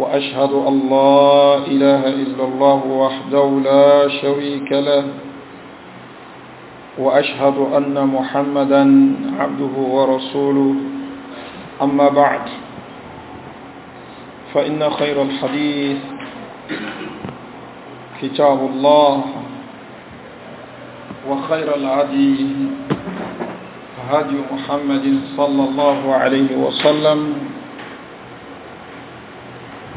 وأشهد أن لا إله إلا الله وحده لا شريك له وأشهد أن محمدا عبده ورسوله أما بعد فإن خير الحديث كتاب الله وخير العدي هدي محمد صلى الله عليه وسلم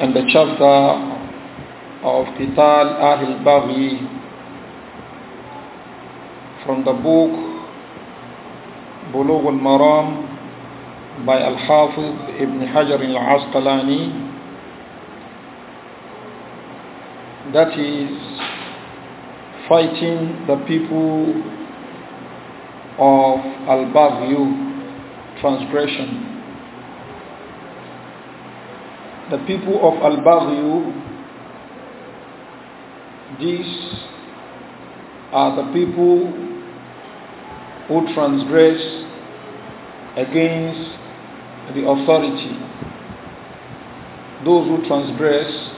and the chapter of Qital Ahl Baghi from the book Bulugh al-Maram by Al-Hafiz Ibn Hajar al-Asqalani that is fighting the people of al-Baghyu transgression the people of Al-Baghyu, these are the people who transgress against the authority. Those who transgress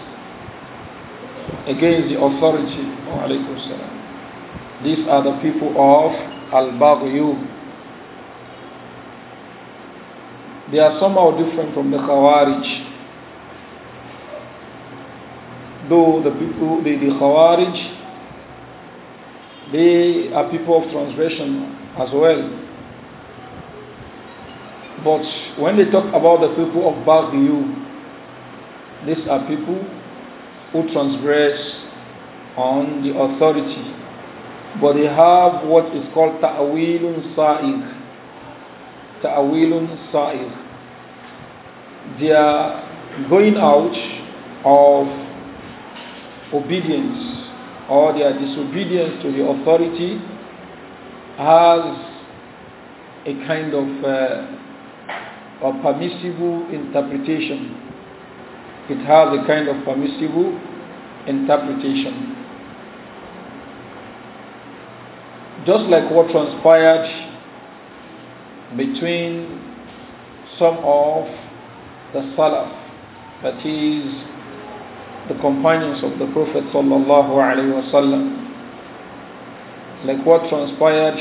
against the authority. Oh, these are the people of Al-Baghyu. They are somehow different from the Khawarij. Though the people, the, the Khawarij, they are people of transgression as well. But when they talk about the people of Baguio, these are people who transgress on the authority. But they have what is called ta'wilun sa'ig. Ta'wilun sa'ig. They are going out of obedience or their disobedience to the authority has a kind of uh, a permissible interpretation. It has a kind of permissible interpretation. Just like what transpired between some of the Salaf, that is the companions of the Prophet like what transpired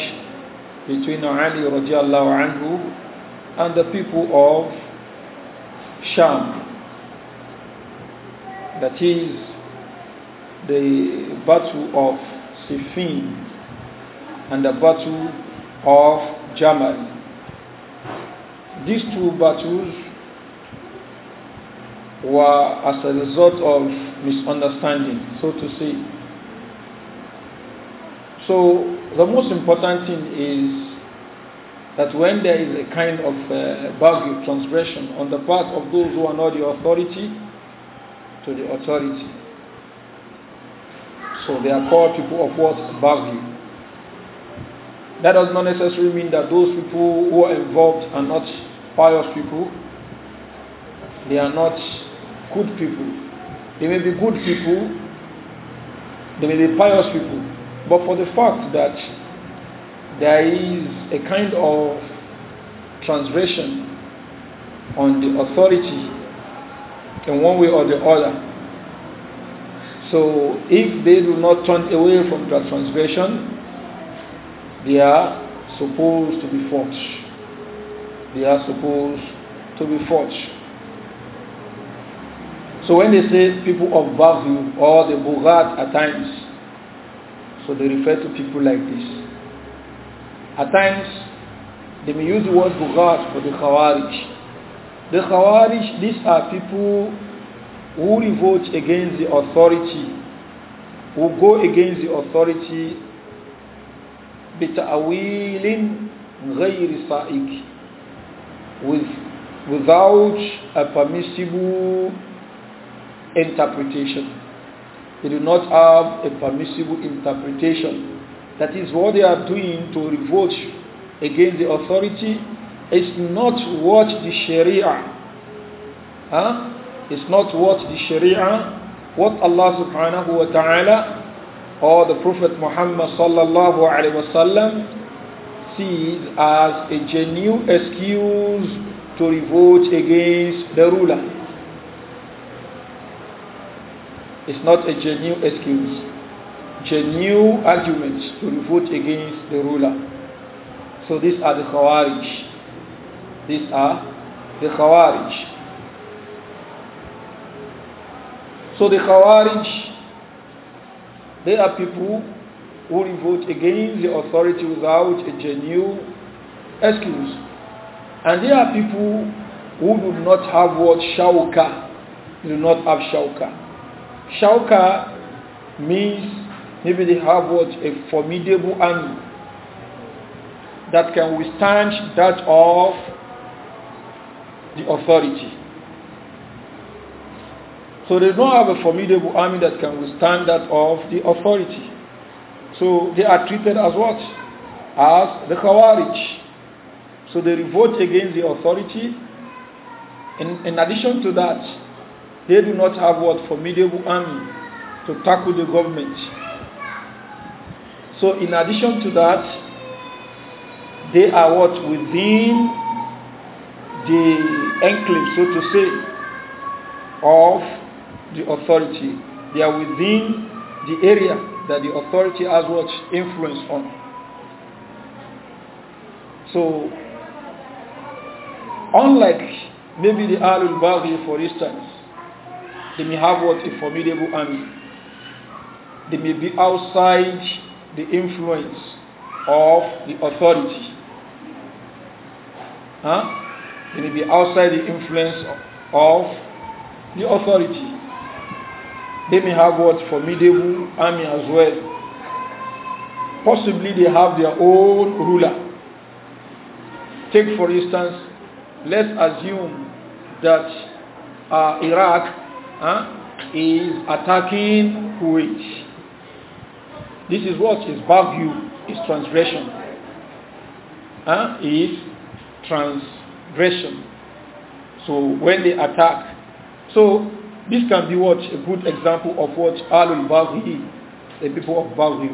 between Ali anhu and the people of Sham. That is the battle of Siffin and the battle of Jamal. These two battles were as a result of misunderstanding, so to say. So the most important thing is that when there is a kind of uh, bargain, transgression on the part of those who are not the authority to the authority. So they are called people of what? Bargain. That does not necessarily mean that those people who are involved are not pious people. They are not good people. They may be good people, they may be pious people, but for the fact that there is a kind of transgression on the authority in one way or the other. So if they do not turn away from that transgression, they are supposed to be forged. They are supposed to be forged. So when they say people of value or the bogat at times, so they refer to people like this. At times, they may use the word bogat for the khawarij. The khawarij, these are people who revolt against the authority, who go against the authority with, without a permissible interpretation. They do not have a permissible interpretation. That is what they are doing to revolt against the authority. It's not what the Sharia, huh? it's not what the Sharia, what Allah subhanahu wa ta'ala or the Prophet Muhammad sallallahu alayhi sallam sees as a genuine excuse to revolt against the ruler. is not a genuine excuse, genuine arguments to revolt against the ruler. So these are the Khawarij. These are the Khawarij. So the Khawarij, they are people who revolt against the authority without a genuine excuse. And there are people who do not have what shauka, do not have shauka. Shauka means maybe they have what a formidable army that can withstand that of the authority. So they don't have a formidable army that can withstand that of the authority. So they are treated as what? As the Khawarij. So they revolt against the authority. In, in addition to that, they do not have what formidable army to tackle the government. So, in addition to that, they are what within the enclave, so to say, of the authority. They are within the area that the authority has what influence on. So, unlike maybe the Al-Baghi, for instance, they may have what a formidable army. They may be outside the influence of the authority. Huh? They may be outside the influence of the authority. They may have what formidable army as well. Possibly they have their own ruler. Take for instance, let's assume that uh, Iraq huh, is attacking Kuwait. This is what is bad view, is transgression. Huh? Is transgression. So when they attack, so this can be what a good example of what Alul Baghi, the people of Baghi,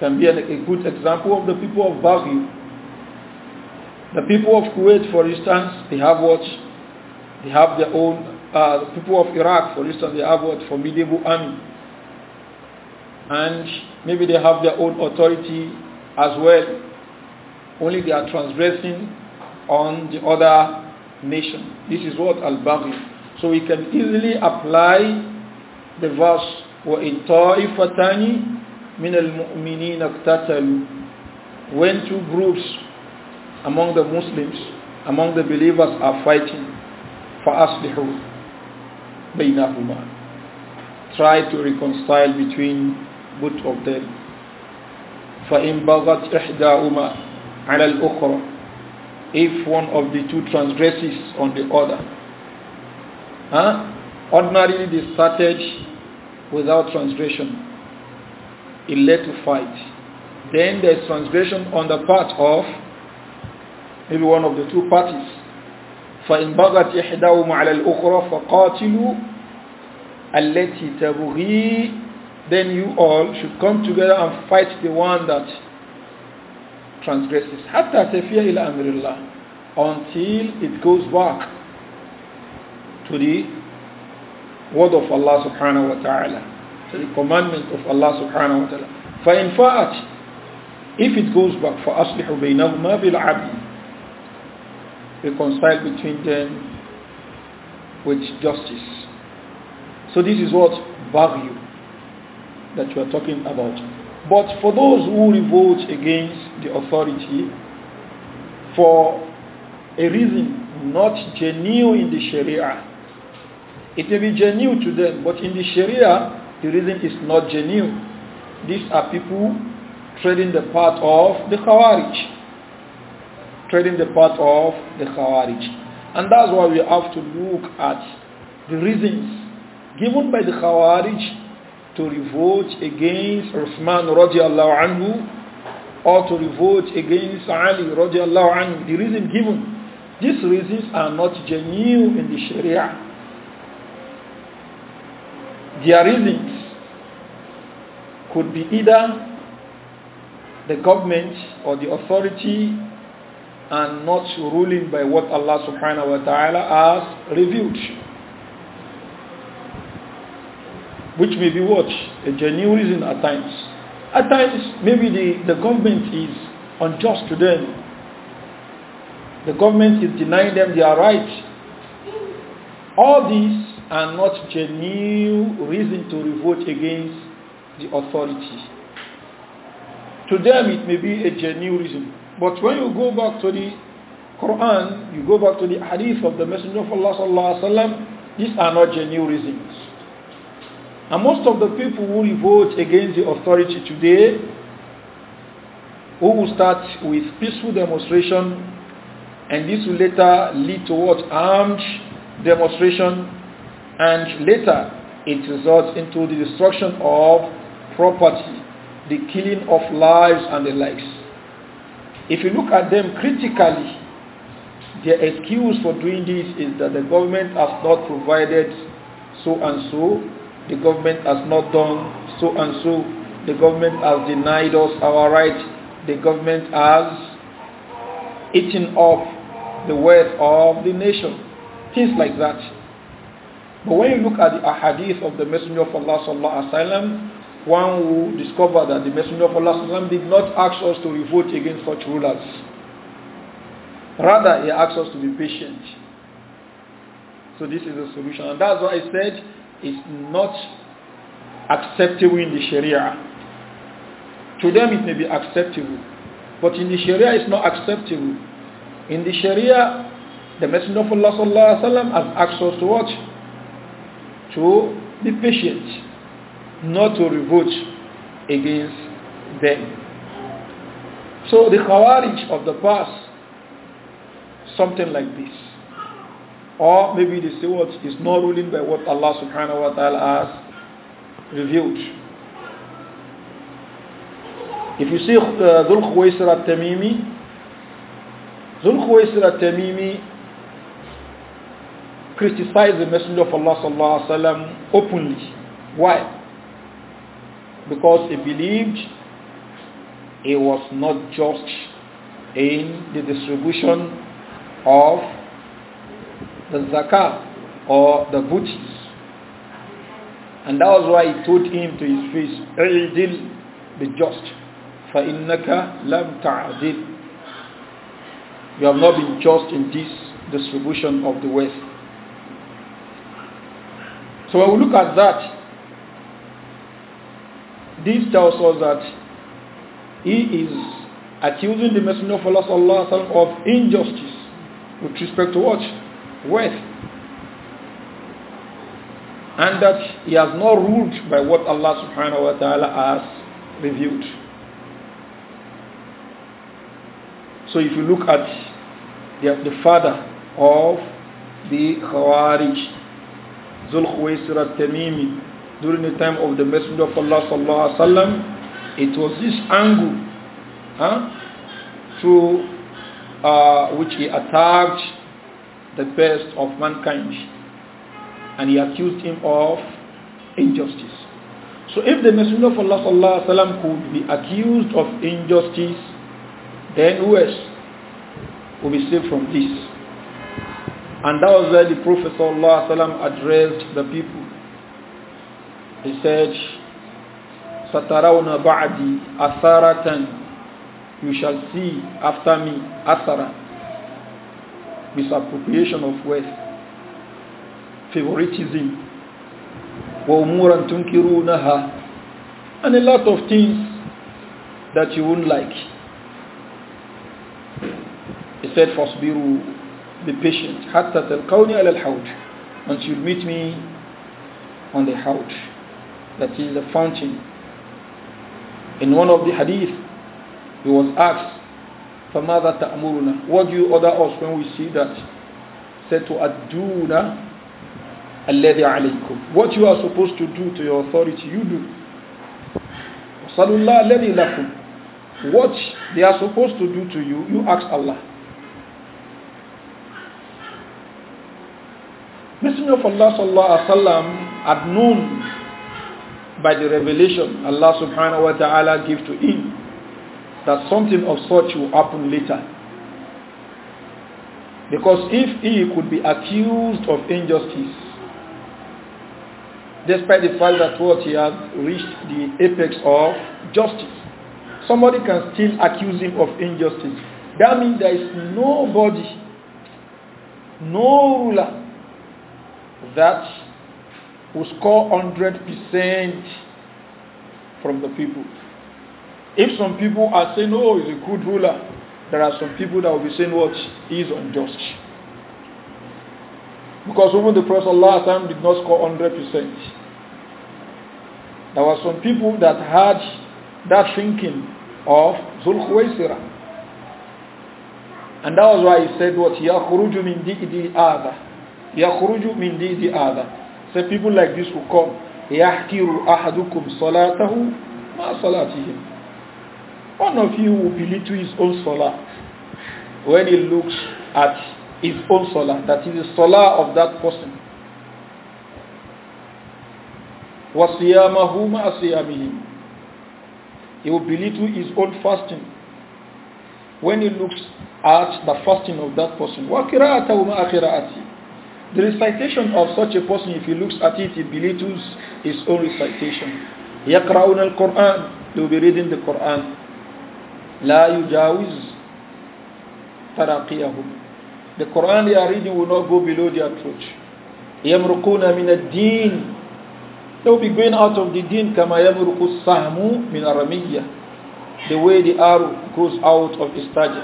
can be an, a good example of the people of Baghi. The people of Kuwait, for instance, they have what they have their own uh, the people of Iraq, for instance, they have what formidable army. And maybe they have their own authority as well. Only they are transgressing on the other nation. This is what al-Baghi. So we can easily apply the verse وَإِن طَائِفَتَانِ مِنَ الْمُؤْمِنِينَ اقْتَتَلُوا When two groups among the Muslims, among the believers are fighting, for us بينهما try to reconcile between both of them فإن بغت إحداهما على الأخرى if one of the two transgresses on the other huh? ordinarily they started without transgression it led to fight then there's transgression on the part of maybe one of the two parties فإن بغت إحداهما على الأخرى فقاتلوا التي تبغي then you all should come together and fight the one that transgresses حتى تفيا إلى أمر الله until it goes back to the word of Allah subhanahu wa ta'ala to the commandment of Allah subhanahu wa ta'ala فإن فأت if it goes back فأصلح بينهما بالعدل reconcile between them with justice. So this is what value that we are talking about. But for those who revolt against the authority for a reason not genuine in the Sharia, it may be genuine to them, but in the Sharia, the reason is not genuine. These are people treading the path of the Khawarij treading the path of the Khawarij. And that's why we have to look at the reasons given by the Khawarij to revolt against Uthman radiallahu anhu or to revolt against Ali radiallahu anhu. The reason given. These reasons are not genuine in the Sharia. Their reasons could be either the government or the authority and not ruling by what Allah subhanahu wa ta'ala has revealed. Which may be what? A genuine reason at times. At times, maybe the, the government is unjust to them. The government is denying them their rights. All these are not genuine reason to revolt against the authority. To them, it may be a genuine reason but when you go back to the Quran, you go back to the hadith of the Messenger of Allah sallallahu these are not genuine reasons. And most of the people who revolt against the authority today, who will start with peaceful demonstration, and this will later lead towards armed demonstration, and later it results into the destruction of property, the killing of lives and the likes. If you look at them critically, their excuse for doing this is that the government has not provided so and so, the government has not done so and so, the government has denied us our rights, the government has eaten up the wealth of the nation, things like that. But when you look at the ahadith of the Messenger of Allah one who discover that the Messenger of Allah did not ask us to revolt against such rulers. Rather, he asks us to be patient. So this is the solution. And that's why I said it's not acceptable in the Sharia. To them it may be acceptable. But in the Sharia it's not acceptable. In the Sharia, the Messenger of Allah has asked us to what? To be patient not to revolt against them. So the Khawarij of the past, something like this. Or maybe they say what is not ruling by what Allah subhanahu wa ta'ala has revealed. If you see uh, Dhul al-Tamimi, Dhul Khuwaisir al-Tamimi criticized the Messenger of Allah sallallahu alaihi wasallam openly. Why? because he believed he was not just in the distribution of the zakah or the butis, And that was why he told him to his face, I'dil, be just. فَإِنَّكَ لَمْ تَعْدِلْ You have not been just in this distribution of the wealth. So when we look at that, this tells us that he is accusing the Messenger of Allah of injustice with respect to what? Wealth. And that he has not ruled by what Allah subhanahu wa ta'ala has revealed. So if you look at the, the father of the Khawarij, Zul al-Tamimi, during the time of the Messenger of Allah sallallahu alaihi wasallam, it was this angle huh, through uh, which he attacked the best of mankind and he accused him of injustice. So if the Messenger of Allah sallallahu alaihi wasallam could be accused of injustice, then who else will be saved from this? And that was where the Prophet sallallahu alaihi wasallam addressed the people he said, Satarawna ba'di asaratan. You shall see after me asara. Misappropriation of wealth. Favoritism. Wa umuran tunkirunaha. And a lot of things that you wouldn't like. He said, Fasbiru, be patient. Hatta tal ala al Once you meet me on the hawj that is the fountain. In one of the hadith, he was asked, فَمَاذَا تَأْمُرُنَا What do you order us when we see that? Said to أَدُّونَا الَّذِي عَلَيْكُمْ What you are supposed to do to your authority, you do. وَصَلُوا اللَّهَ الَّذِي لَكُمْ What they are supposed to do to you, you ask Allah. Messenger of Allah sallallahu alaihi wasallam had known by the revelation Allah subhanahu wa ta'ala give to him that something of such will happen later. Because if he could be accused of injustice, despite the fact that what he has reached the apex of justice, somebody can still accuse him of injustice. That means there is nobody, no ruler that who score 100% from the people. If some people are saying, oh, he's a good ruler, there are some people that will be saying, what? He's unjust. Because even the Prophet Allah did not score 100%. There were some people that had that thinking of Zul And that was why he said what? يَخْرُجُ مِنْ دِئِدِ آذَا يَخْرُجُ مِنْ دِئِدِ آذَا so people like this will come. يَحْكِرُ أَحَدُكُمْ صَلَاتَهُ مَا صَلَاتِهِ One of you will belittle his own salah when he looks at his own salah. That is the salah of that person. وَصِيَامَهُ مَا صِيَامِهِ He will belittle his own fasting when he looks at the fasting of that person. وَقِرَاءَتَهُ مَا قِرَاءَتِهِ the recitation of such a person, if he looks at it, he belittles his own recitation. He القرآن They will be reading the Quran. لا يجاوز تراقيهم The Quran they are reading will not go below their throat. يمرقون من الدين They will be going out of the deen كما يمرق السهم من الرمية The way the arrow goes out of its target.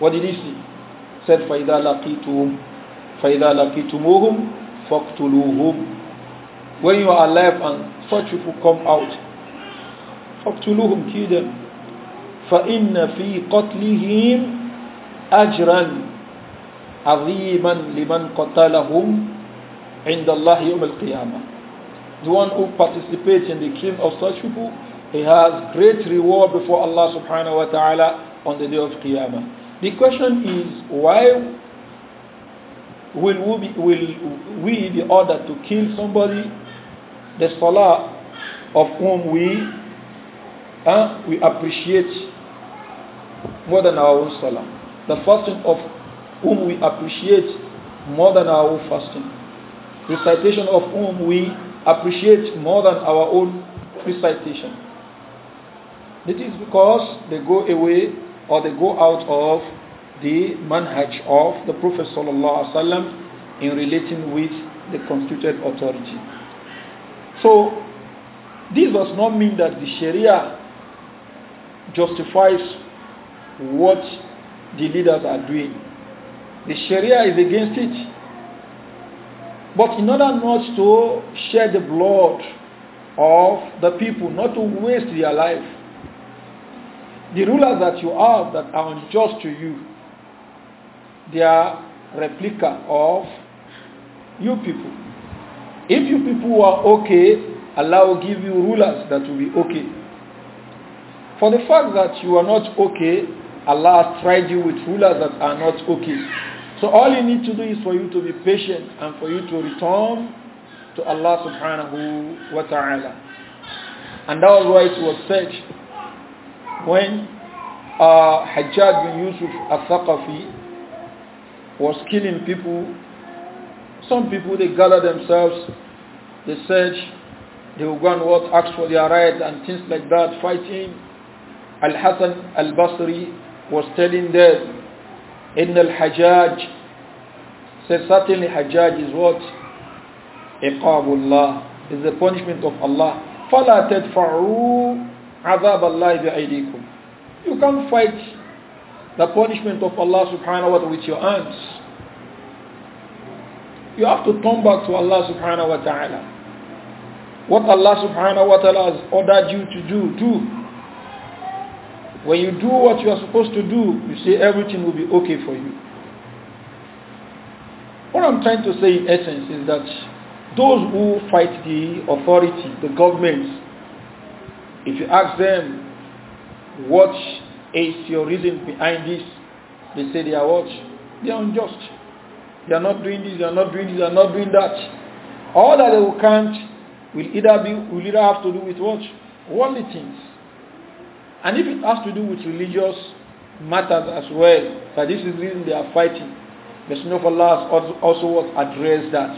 What did he see? said فَإِذَا لَقِيتُمْ فَإِذَا لَقِيتُمُوهُمْ فَاقْتُلُوهُمْ When you are alive and such people come out, فَاقْتُلُوهُمْ Kill them. فَإِنَّ فِي قَتْلِهِمْ أَجْرًا عَظِيمًا لِمَنْ قَتَلَهُمْ عِنْدَ اللَّهِ يَوْمَ الْقِيَامَةِ The one who participates in the killing of such people, he has great reward before Allah subhanahu wa ta'ala on the day of Qiyamah. The question is why will we, be, will we be ordered to kill somebody, the salah of whom we, uh, we appreciate more than our own salah, the fasting of whom we appreciate more than our own fasting, recitation of whom we appreciate more than our own recitation. It is because they go away or they go out of the manhaj of the Prophet ﷺ in relating with the constituted authority. So, this does not mean that the Sharia justifies what the leaders are doing. The Sharia is against it. But in order not to shed the blood of the people, not to waste their life, the rulers that you have that are unjust to you, they are replica of you people. If you people are okay, Allah will give you rulers that will be okay. For the fact that you are not okay, Allah has tried you with rulers that are not okay. So all you need to do is for you to be patient and for you to return to Allah subhanahu wa ta'ala. And that was why it was said when uh, Hajjaj bin Yusuf al-Thaqafi was killing people, some people they gathered themselves, they said they will go and what, ask for their right and things like that, fighting. al hasan al-Basri was telling them, in al-Hajjaj, said certainly Hajjaj is what? Iqabullah, is the punishment of Allah. فَلَا تَدْفَعُوا عَذَابَ اللَّهِ بِأَيْدِيكُمْ You can't fight the punishment of Allah subhanahu wa ta'ala with your arms. You have to turn back to Allah subhanahu wa ta'ala. What Allah subhanahu wa ta'ala has ordered you to do, do. When you do what you are supposed to do, you say everything will be okay for you. What I'm trying to say in essence is that those who fight the authority, the governments, if you ask them, what is your reason behind this? They say they are what? They are unjust. They are not doing this, they are not doing this, they are not doing that. All that they will count will either be will either have to do with what? Worldly things. And if it has to do with religious matters as well, that this is the reason they are fighting. Messenger of Allah also, also was addressed that.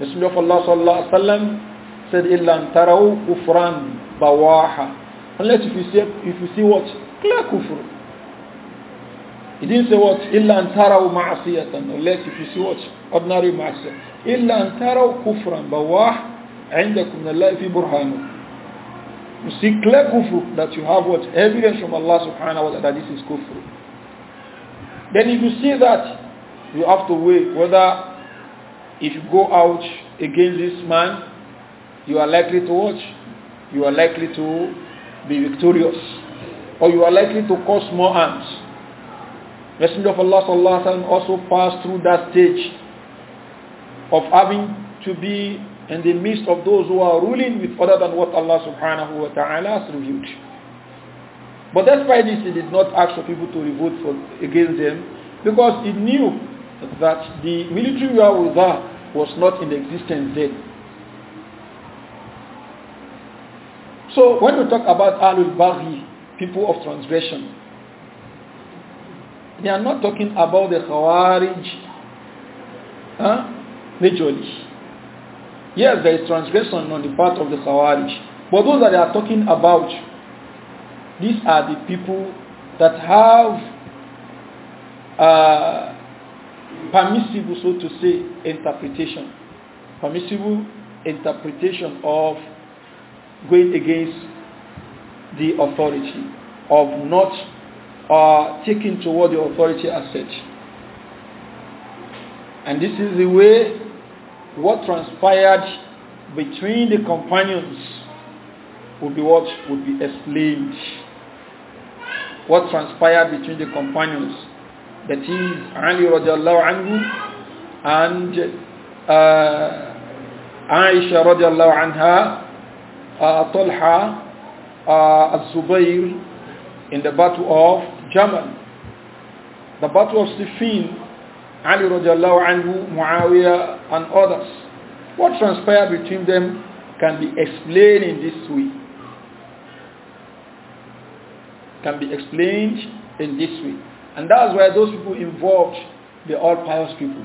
Messenger of Allah sallallahu said, "Illan tarau kufran bawaha. Unless if you see if you see what clear kufur. He didn't say what illa antarau ma'asiyatan. Unless if you see what ordinary ma'asiyah. Illa antarau kufran bawah عندكم من الله في برهانه. You see clear kufur that you have what evidence from Allah subhanahu wa ta'ala that this is kufur. Then if you see that, you have to weigh whether if you go out against this man, you are likely to watch you are likely to be victorious or you are likely to cause more harms. Messenger of Allah sallallahu alaihi wasallam also passed through that stage of having to be in the midst of those who are ruling with other than what Allah subhanahu wa ta'ala has revealed. But that's why this, he did not ask for people to revolt for, against them because he knew that the military war was not in existence then. So when we talk about Alul Baghi, people of transgression, they are not talking about the Khawarij huh? majorly. Yes, there is transgression on the part of the Khawarij. But those that they are talking about, these are the people that have uh, permissible, so to say, interpretation. Permissible interpretation of going against the authority, of not uh, taking toward the authority as such. And this is the way what transpired between the companions would be what would be explained. What transpired between the companions, that is Ali radiallahu anhu and uh, Aisha radiallahu anha uh, Talha uh, Zubayr in the battle of Jamal. The battle of Siffin, Ali radiallahu anhu, Muawiyah and others. What transpired between them can be explained in this way. Can be explained in this way. And that's why those people involved, the all pious people.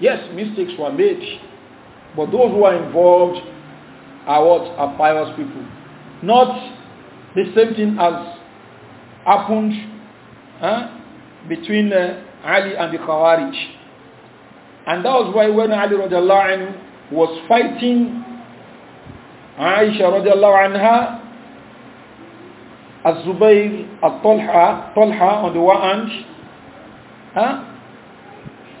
Yes, mistakes were made, but those who are involved, are what? Are pious people. Not the same thing as happened huh, between uh, Ali and the Khawarij. And that was why when Ali radiallahu anhu was fighting Aisha radiallahu anha, Az-Zubayr, Al-Talha, Talha on the one hand, huh?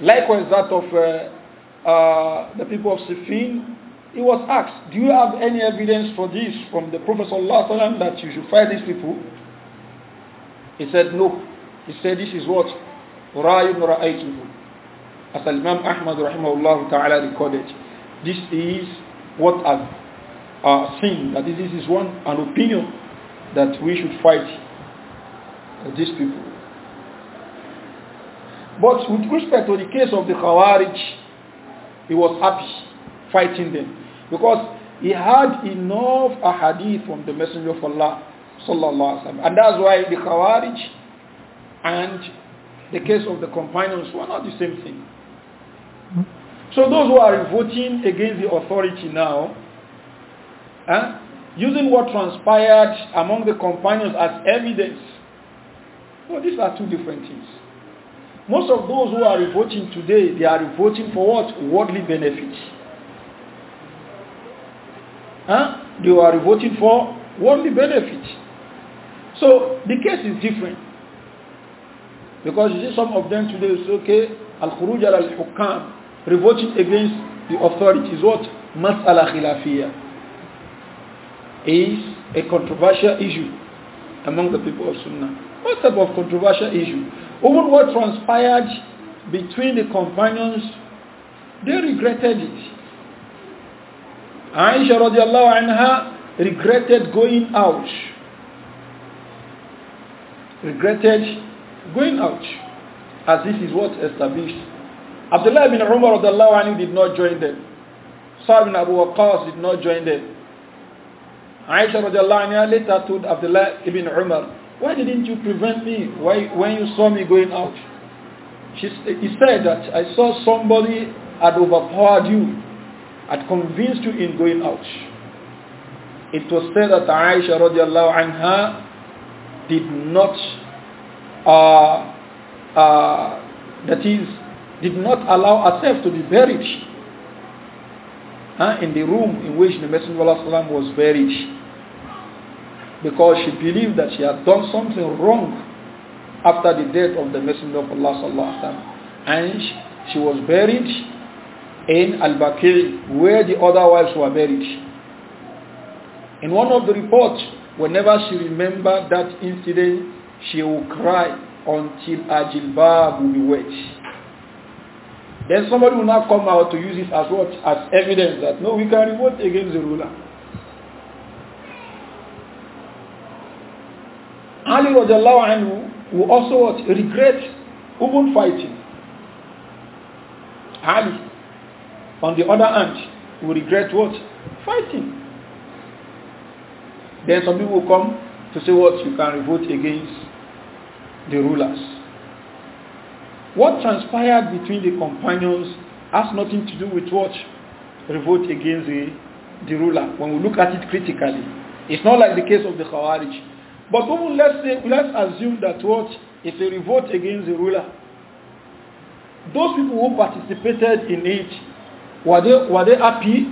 likewise that of uh, uh, the people of Sifin he was asked, Do you have any evidence for this from the Prophet ﷺ that you should fight these people? He said, No. He said, This is what? Ra'yun ra'aytuhu. As Imam Ahmad ta'ala recorded, this is what I've uh, seen, that this is one, an opinion that we should fight these people. But with respect to the case of the Khawarij, he was happy fighting them. Because he had enough ahadith from the Messenger of Allah sallallahu alaihi wasallam. And that's why the Khawarij and the case of the companions were not the same thing. So those who are voting against the authority now, huh, eh, using what transpired among the companions as evidence, well, these are two different things. Most of those who are voting today, they are voting for what? Worldly benefits huh? they were voting for worldly benefit. So the case is different. Because you see some of them today is okay, al-khuruj al-hukam, revolting against the authorities, what? Mas'ala khilafiyya is a controversial issue among the people of Sunnah. What type of controversial issue? Even what transpired between the companions, they regretted it. Aisha radiallahu anha regretted going out. Regretted going out. As this is what established. Abdullah bin Umar radiallahu anhu did not join them. Sa'd bin Abu Waqqas did not join them. Aisha radiallahu anha later told Abdullah ibn Umar, why didn't you prevent me why, when you saw me going out? She, he said that I saw somebody had overpowered you had convinced you in going out. It was said that Aisha radiallahu anha did not, uh, uh, that is, did not allow herself to be buried uh, in the room in which the Messenger of Allah was buried because she believed that she had done something wrong after the death of the Messenger of Allah and she was buried in Al-Baqi where the other wives were buried. In one of the reports, whenever she remembered that incident, she would cry until her would be wet. Then somebody will now come out to use it as what? As evidence that no, we can revolt against the ruler. Ali was anhu who also what? regret even fighting. Ali on the other hand, we regret what? Fighting. Then some people will come to say what? You can revolt against the rulers. What transpired between the companions has nothing to do with what? Revolt against the, the ruler. When we look at it critically. It's not like the case of the Khawarij. But even let's say, let's assume that what is a revolt against the ruler. Those people who participated in it, were they, were they happy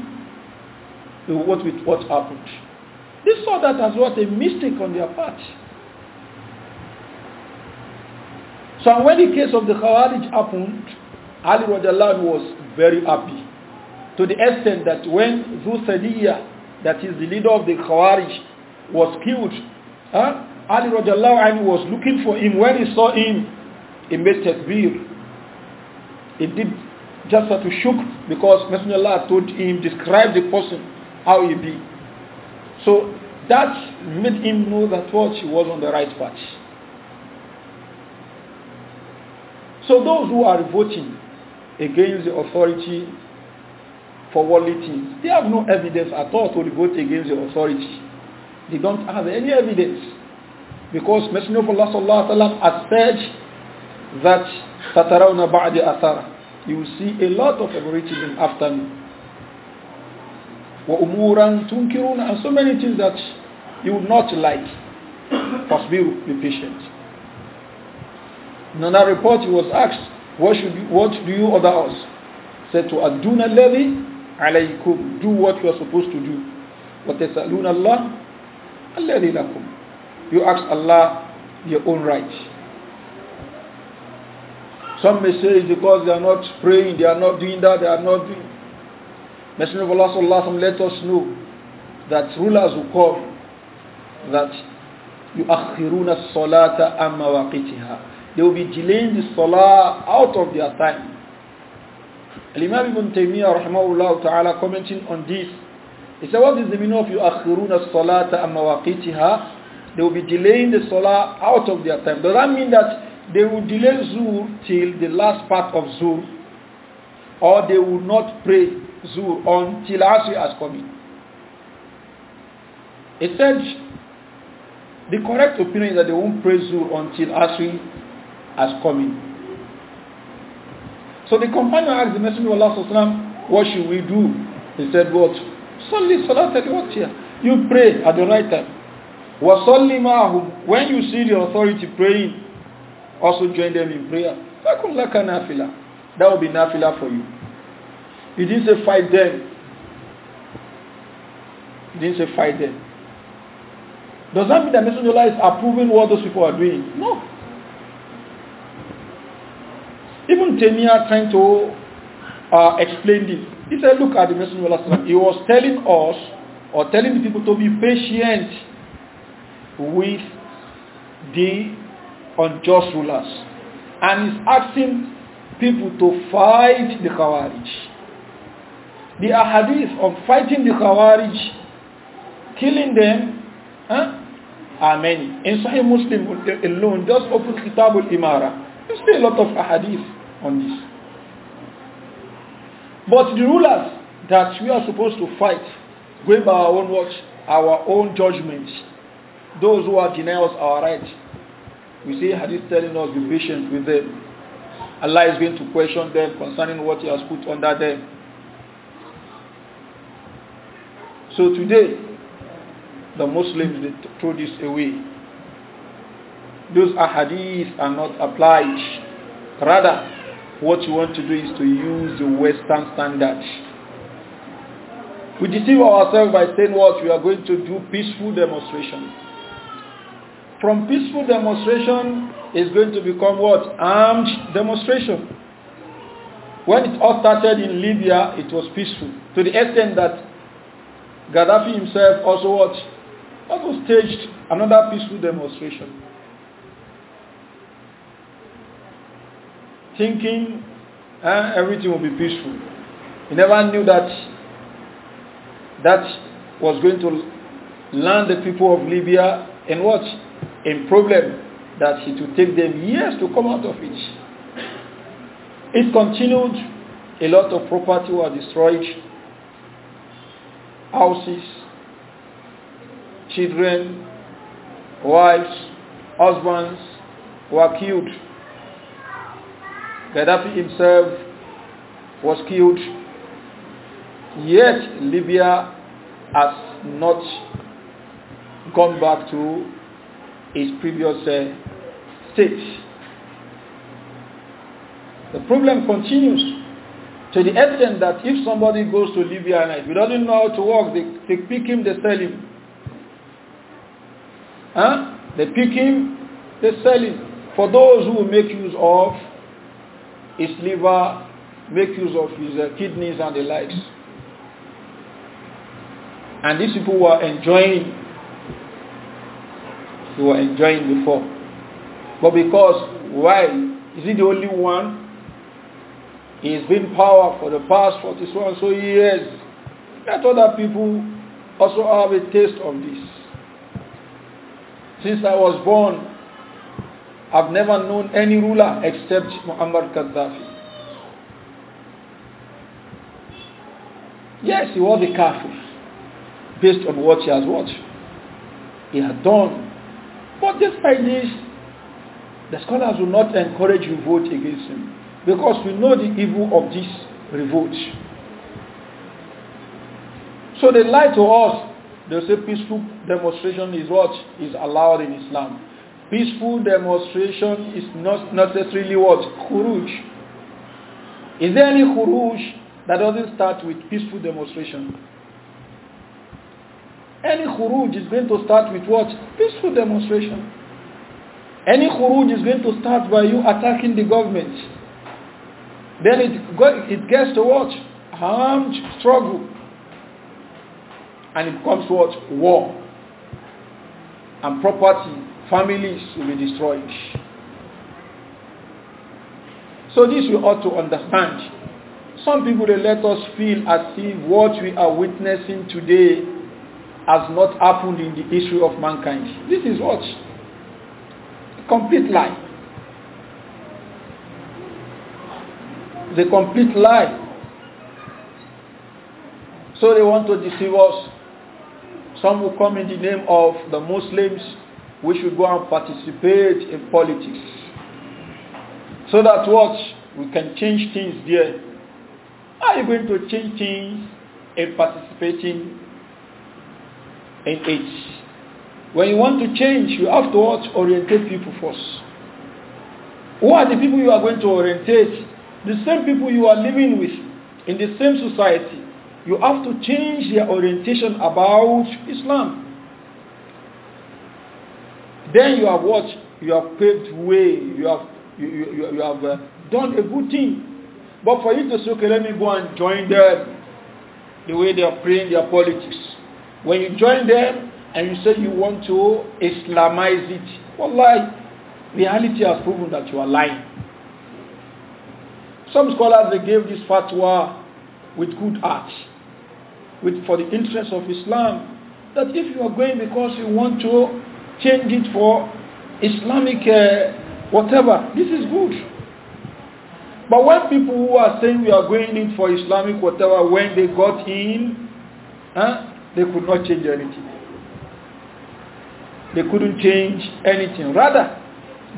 with what, with what happened? They saw that as what a mistake on their part. So when the case of the Khawarij happened, Ali Rajallahu was very happy. To the extent that when Zusadiyya, that is the leader of the Khawarij, was killed, huh? Ali Rajallahu was looking for him. When he saw him, he made takbir. He did Jafar to shook because Messenger Allah told him, describe the person, how he be. So that made him know that what he was on the right path. So those who are voting against the authority for worldly things, they have no evidence at all to vote against the authority. They don't have any evidence. Because Messenger of Allah has said that تَتَرَوْنَ بَعْدِ أَثَرًا you will see a lot of aborigines in afternoon. وَأُمُورًا تُنْكِرُونَ And so many things that you would not like. Fasbiru, be patient. In another report, he was asked, what, should you, what do you order us? Said to Aduna Levi, alaykum, do what you are supposed to do. وَتَسَأْلُونَ اللَّهِ الَّذِي لَكُمْ You ask Allah your own rights." Some may say it's because they are not praying, they are not doing that, they are not doing. Messenger of Allah sallallahu let us know that rulers will come that you yuakhiruna salata amma waqitiha. They will be delaying the salah out of their time. Al-Imam Ibn Taymiyyah rahimahullah ta'ala commenting on this. He said, what is the meaning of you yuakhiruna salata amma waqitiha? They will be delaying the salah out of their time. Does that mean that they will delay Zuhr till the last part of Zuhr, or they will not pray Zuhr until Asr has come in. He said, the correct opinion is that they won't pray Zuhr until Asr has come in. So the companion asked the Messenger of Allah, what should we do? He said, what? Salli salat al here. You pray at the right time. Wasalli When you see the authority praying, also join them in prayer. Fakun laka nafila. That will be nafila for you. He didn't say fight them. You didn't say fight them. Does that mean that Messenger of Allah is approving what those people are doing? No. Even Temia trying to uh, explain this. He said, look at the Messenger of Allah. He was telling us or telling the people to be patient with the unjust rulers. And he's asking people to fight the Khawarij. The ahadith of fighting the Khawarij, killing them, huh, are many. In Sahih Muslim alone, just open Kitab al-Imara. You see a lot of ahadith on this. But the rulers that we are supposed to fight, go by our own watch, our own judgments, those who are denying us our rights, we see hadith telling us be patient with them. Allah is going to question them concerning what he has put under them. So today, the Muslims they throw this away. Those ahadith are not applied. Rather, what you want to do is to use the Western standards. We deceive ourselves by saying what we are going to do peaceful demonstration from peaceful demonstration is going to become what? Armed demonstration. When it all started in Libya, it was peaceful to the extent that Gaddafi himself also what? Also staged another peaceful demonstration. Thinking eh, everything will be peaceful. He never knew that that was going to land the people of Libya in what? in problem that it will take them years to come out of it. It continued, a lot of property were destroyed, houses, children, wives, husbands were killed. Gaddafi himself was killed. Yet Libya has not gone back to his previous uh, state. The problem continues to the extent that if somebody goes to Libya and if he doesn't know how to walk, they, they pick him, they sell him. Huh? They pick him, they sell him. For those who make use of his liver, make use of his uh, kidneys and the likes. And these people were enjoying you were enjoying before. But because why? Is he the only one? He's been power for the past 41 so years. Let other people also have a taste of this. Since I was born, I've never known any ruler except Muammar Gaddafi. Yes, he was a kafir based on what he has watched. He had done but despite this, the scholars will not encourage revolt against him because we know the evil of this revolt. So they lie to us. They say peaceful demonstration is what is allowed in Islam. Peaceful demonstration is not necessarily what? Khuruj. Is there any khuruj that doesn't start with peaceful demonstration? Any khuruj is going to start with what? Peaceful demonstration. Any khuruj is going to start by you attacking the government. Then it, it gets to what? Armed struggle. And it becomes what? War. And property, families will be destroyed. So this we ought to understand. Some people they let us feel as if what we are witnessing today has not happened in the history of mankind. This is what? A complete lie. The complete lie. So they want to deceive us. Some will come in the name of the Muslims. We should go and participate in politics. So that what? We can change things there. Are you going to change things in participating and age. When you want to change, you have to orientate people first. Who are the people you are going to orientate? The same people you are living with in the same society. You have to change their orientation about Islam. Then you have what? You have paved way. You have, you, you, you have uh, done a good thing. But for you to say, okay, let me go and join them, the way they are praying their politics. When you join them and you say you want to Islamize it, wallahi, reality has proven that you are lying. Some scholars they gave this fatwa with good heart, with for the interest of Islam, that if you are going because you want to change it for Islamic uh, whatever, this is good. But when people who are saying we are going in for Islamic whatever, when they got in, huh, they could not change anything. They couldn't change anything. Rather,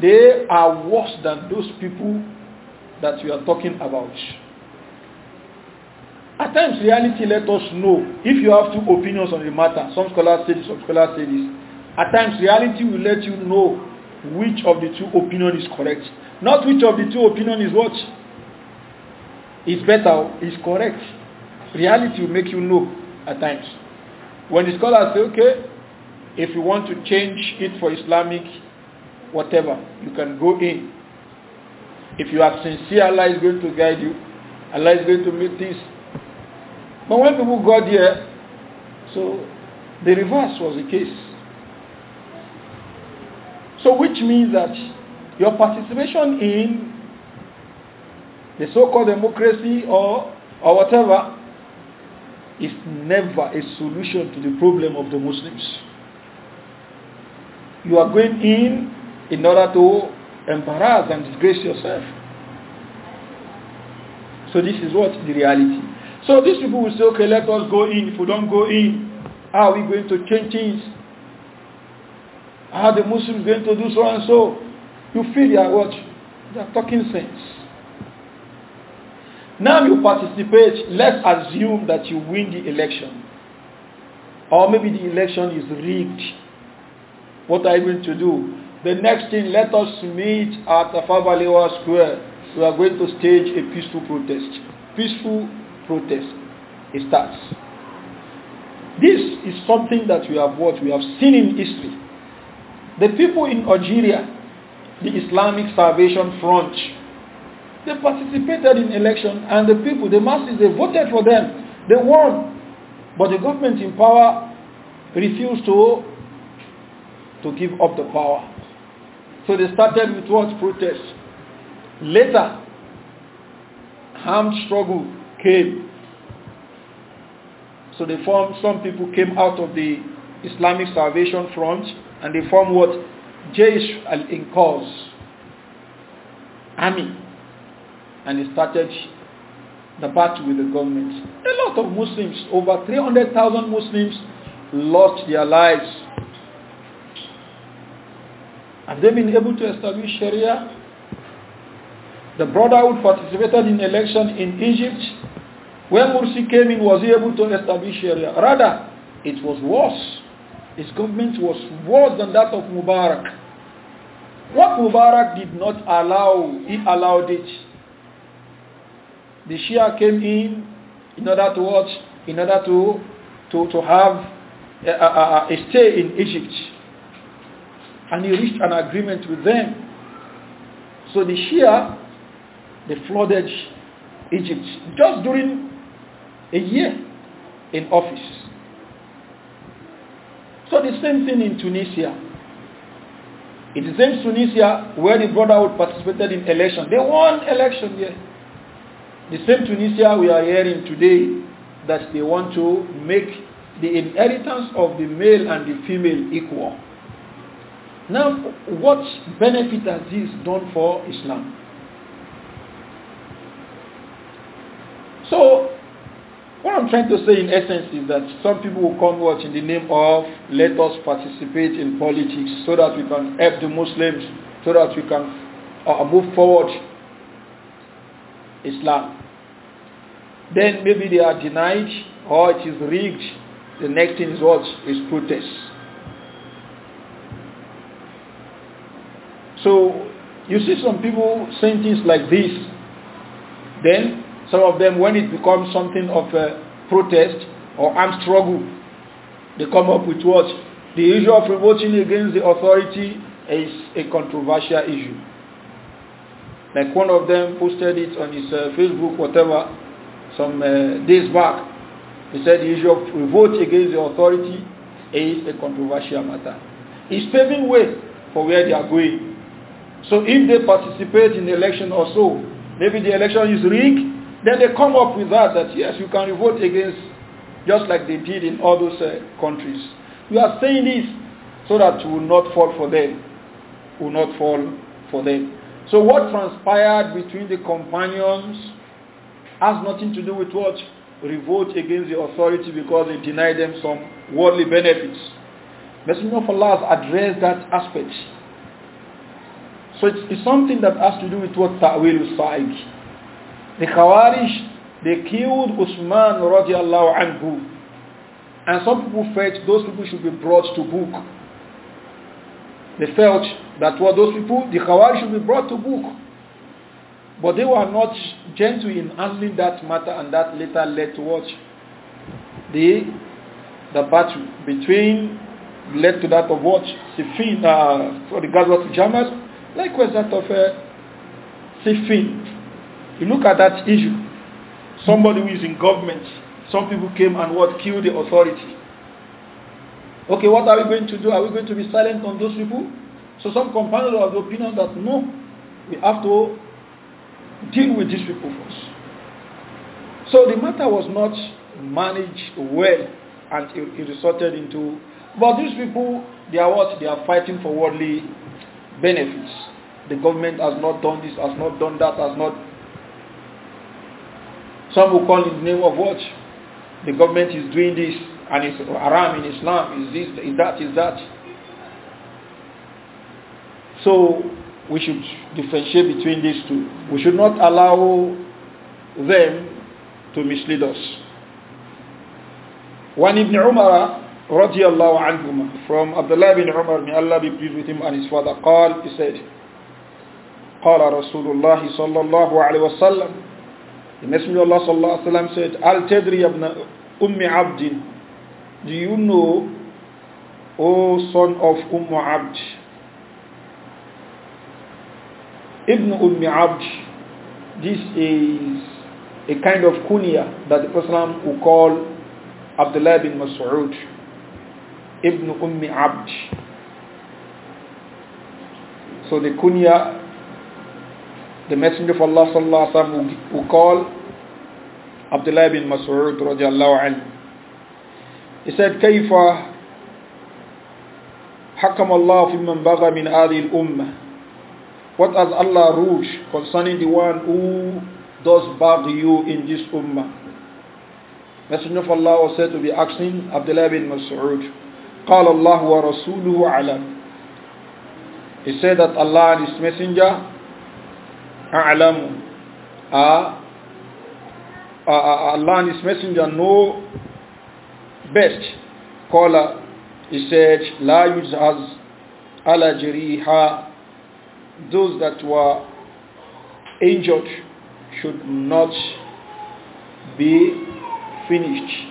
they are worse than those people that we are talking about. At times, reality let us know if you have two opinions on the matter. Some scholars say this, some scholars say this. At times, reality will let you know which of the two opinion is correct. Not which of the two opinion is what is better, is correct. Reality will make you know at times. When the scholars say, okay, if you want to change it for Islamic, whatever, you can go in. If you are sincere, Allah is going to guide you. Allah is going to meet this. But when people got here, so the reverse was the case. So which means that your participation in the so-called democracy or, or whatever is never a solution to the problem of the Muslims. You are going in in order to embarrass and disgrace yourself. So this is what the reality. So these people will say, okay, let us go in. If we don't go in, how are we going to change things? How are the Muslims going to do so and so? You feel they what? They are talking sense. Now you participate, let's assume that you win the election. Or maybe the election is rigged. What are you going to do? The next thing, let us meet at Afabalewa Square. We are going to stage a peaceful protest. Peaceful protest. It starts. This is something that we have what we have seen in history. The people in Algeria, the Islamic Salvation Front, they participated in election and the people, the masses, they voted for them. They won. But the government in power refused to, to give up the power. So they started with what? Protest. Later, armed struggle came. So they formed, some people came out of the Islamic Salvation Front and they formed what? Jaish al-Inqaz. Army and he started the battle with the government. A lot of Muslims, over 300,000 Muslims lost their lives. Have they been able to establish Sharia? The Brotherhood participated in election in Egypt. When Morsi came in, was he able to establish Sharia? Rather, it was worse. His government was worse than that of Mubarak. What Mubarak did not allow, he allowed it. The Shia came in in order to watch, in order to, to, to have a, a, a stay in Egypt. And he reached an agreement with them. So the Shia, they flooded Egypt just during a year in office. So the same thing in Tunisia. It is in Tunisia where the Brotherhood participated in election. They won election here. The same Tunisia we are hearing today that they want to make the inheritance of the male and the female equal. Now, what benefit has this done for Islam? So, what I'm trying to say in essence is that some people will come watch in the name of let us participate in politics so that we can help the Muslims, so that we can uh, move forward Islam. Then maybe they are denied or it is rigged. The next thing is what? Is protest. So you see some people saying things like this. Then some of them, when it becomes something of a protest or armed struggle, they come up with what? The issue of revolting against the authority is a controversial issue. Like one of them posted it on his uh, Facebook, whatever, some uh, days back. He said the issue of revolt against the authority is a controversial matter. It's paving way for where they are going. So if they participate in the election or so, maybe the election is rigged, then they come up with that, that yes, you can revolt against, just like they did in all those uh, countries. We are saying this so that we will not fall for them. We will not fall for them. So what transpired between the companions has nothing to do with what? Revolt against the authority because they denied them some worldly benefits. Messenger of Allah has addressed that aspect. So it's, it's something that has to do with what Ta'wil Sa'id. The Khawarij, they killed Usman radiallahu anhu. And some people felt those people should be brought to book. They felt That were those people, the Khawarij should be brought to book. But they were not gentle in handling that matter and that later led to what? The, the battle between led to that of what? Sifin, uh, sorry, Gazwat Jamal, likewise that of uh, Sifin. You look at that issue. Somebody who is in government, some people came and what? Killed the authority. Okay, what are we going to do? Are we going to be silent on those people? So some companions are of the opinion that no, we have to deal with these people first. So the matter was not managed well and it, it resulted into, but these people, they are what? They are fighting for worldly benefits. The government has not done this, has not done that, has not. Some will call in the name of what? The government is doing this and it's haram in Islam, is this, is that, is that. So we should differentiate between these two. We should not allow them to mislead us. One Ibn Umar radiallahu anhuma from Abdullah bin Umar may Allah be pleased with him and his father قال he said قال رسول الله صلى الله عليه وسلم the Messenger of Allah صلى الله عليه وسلم said Al Tedri ibn Ummi Abdin do you know O son of Ummi Abd Ibn Ummi Abd. This is a kind of kunya that the Prophet will call Abdullah bin Mas'ud. Ibn Ummi Abd. So the kunya the Messenger of Allah sallallahu alaihi wasallam will call Abdullah bin Mas'ud radiallahu anhu. He said, كيف حكم الله في من بغى من هذه الأمة what has Allah ruled concerning the one who does bug you in this ummah? Messenger of Allah was said to be asking Abdullah bin Mas'ud, قال الله ورسوله أعلم He said that Allah and His Messenger أعلم are uh, Allah and His Messenger know best. Qala, he said, لا يجهز على جريحة those that were injured should not be finished.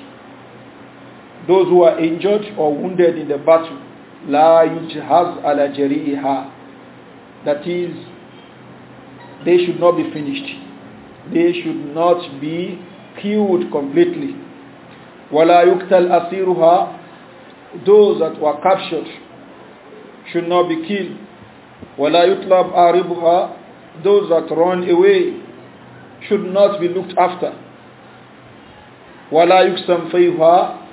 Those who are injured or wounded in the battle, la yujhaz ala jariha. That is, they should not be finished. They should not be killed completely. Wala yuktal asiruha. Those that were captured should not be killed. وَلَا يُطْلَبْ أَعْرِبُهَا Those that run away should not be looked after. وَلَا يُكْسَمْ فَيْهَا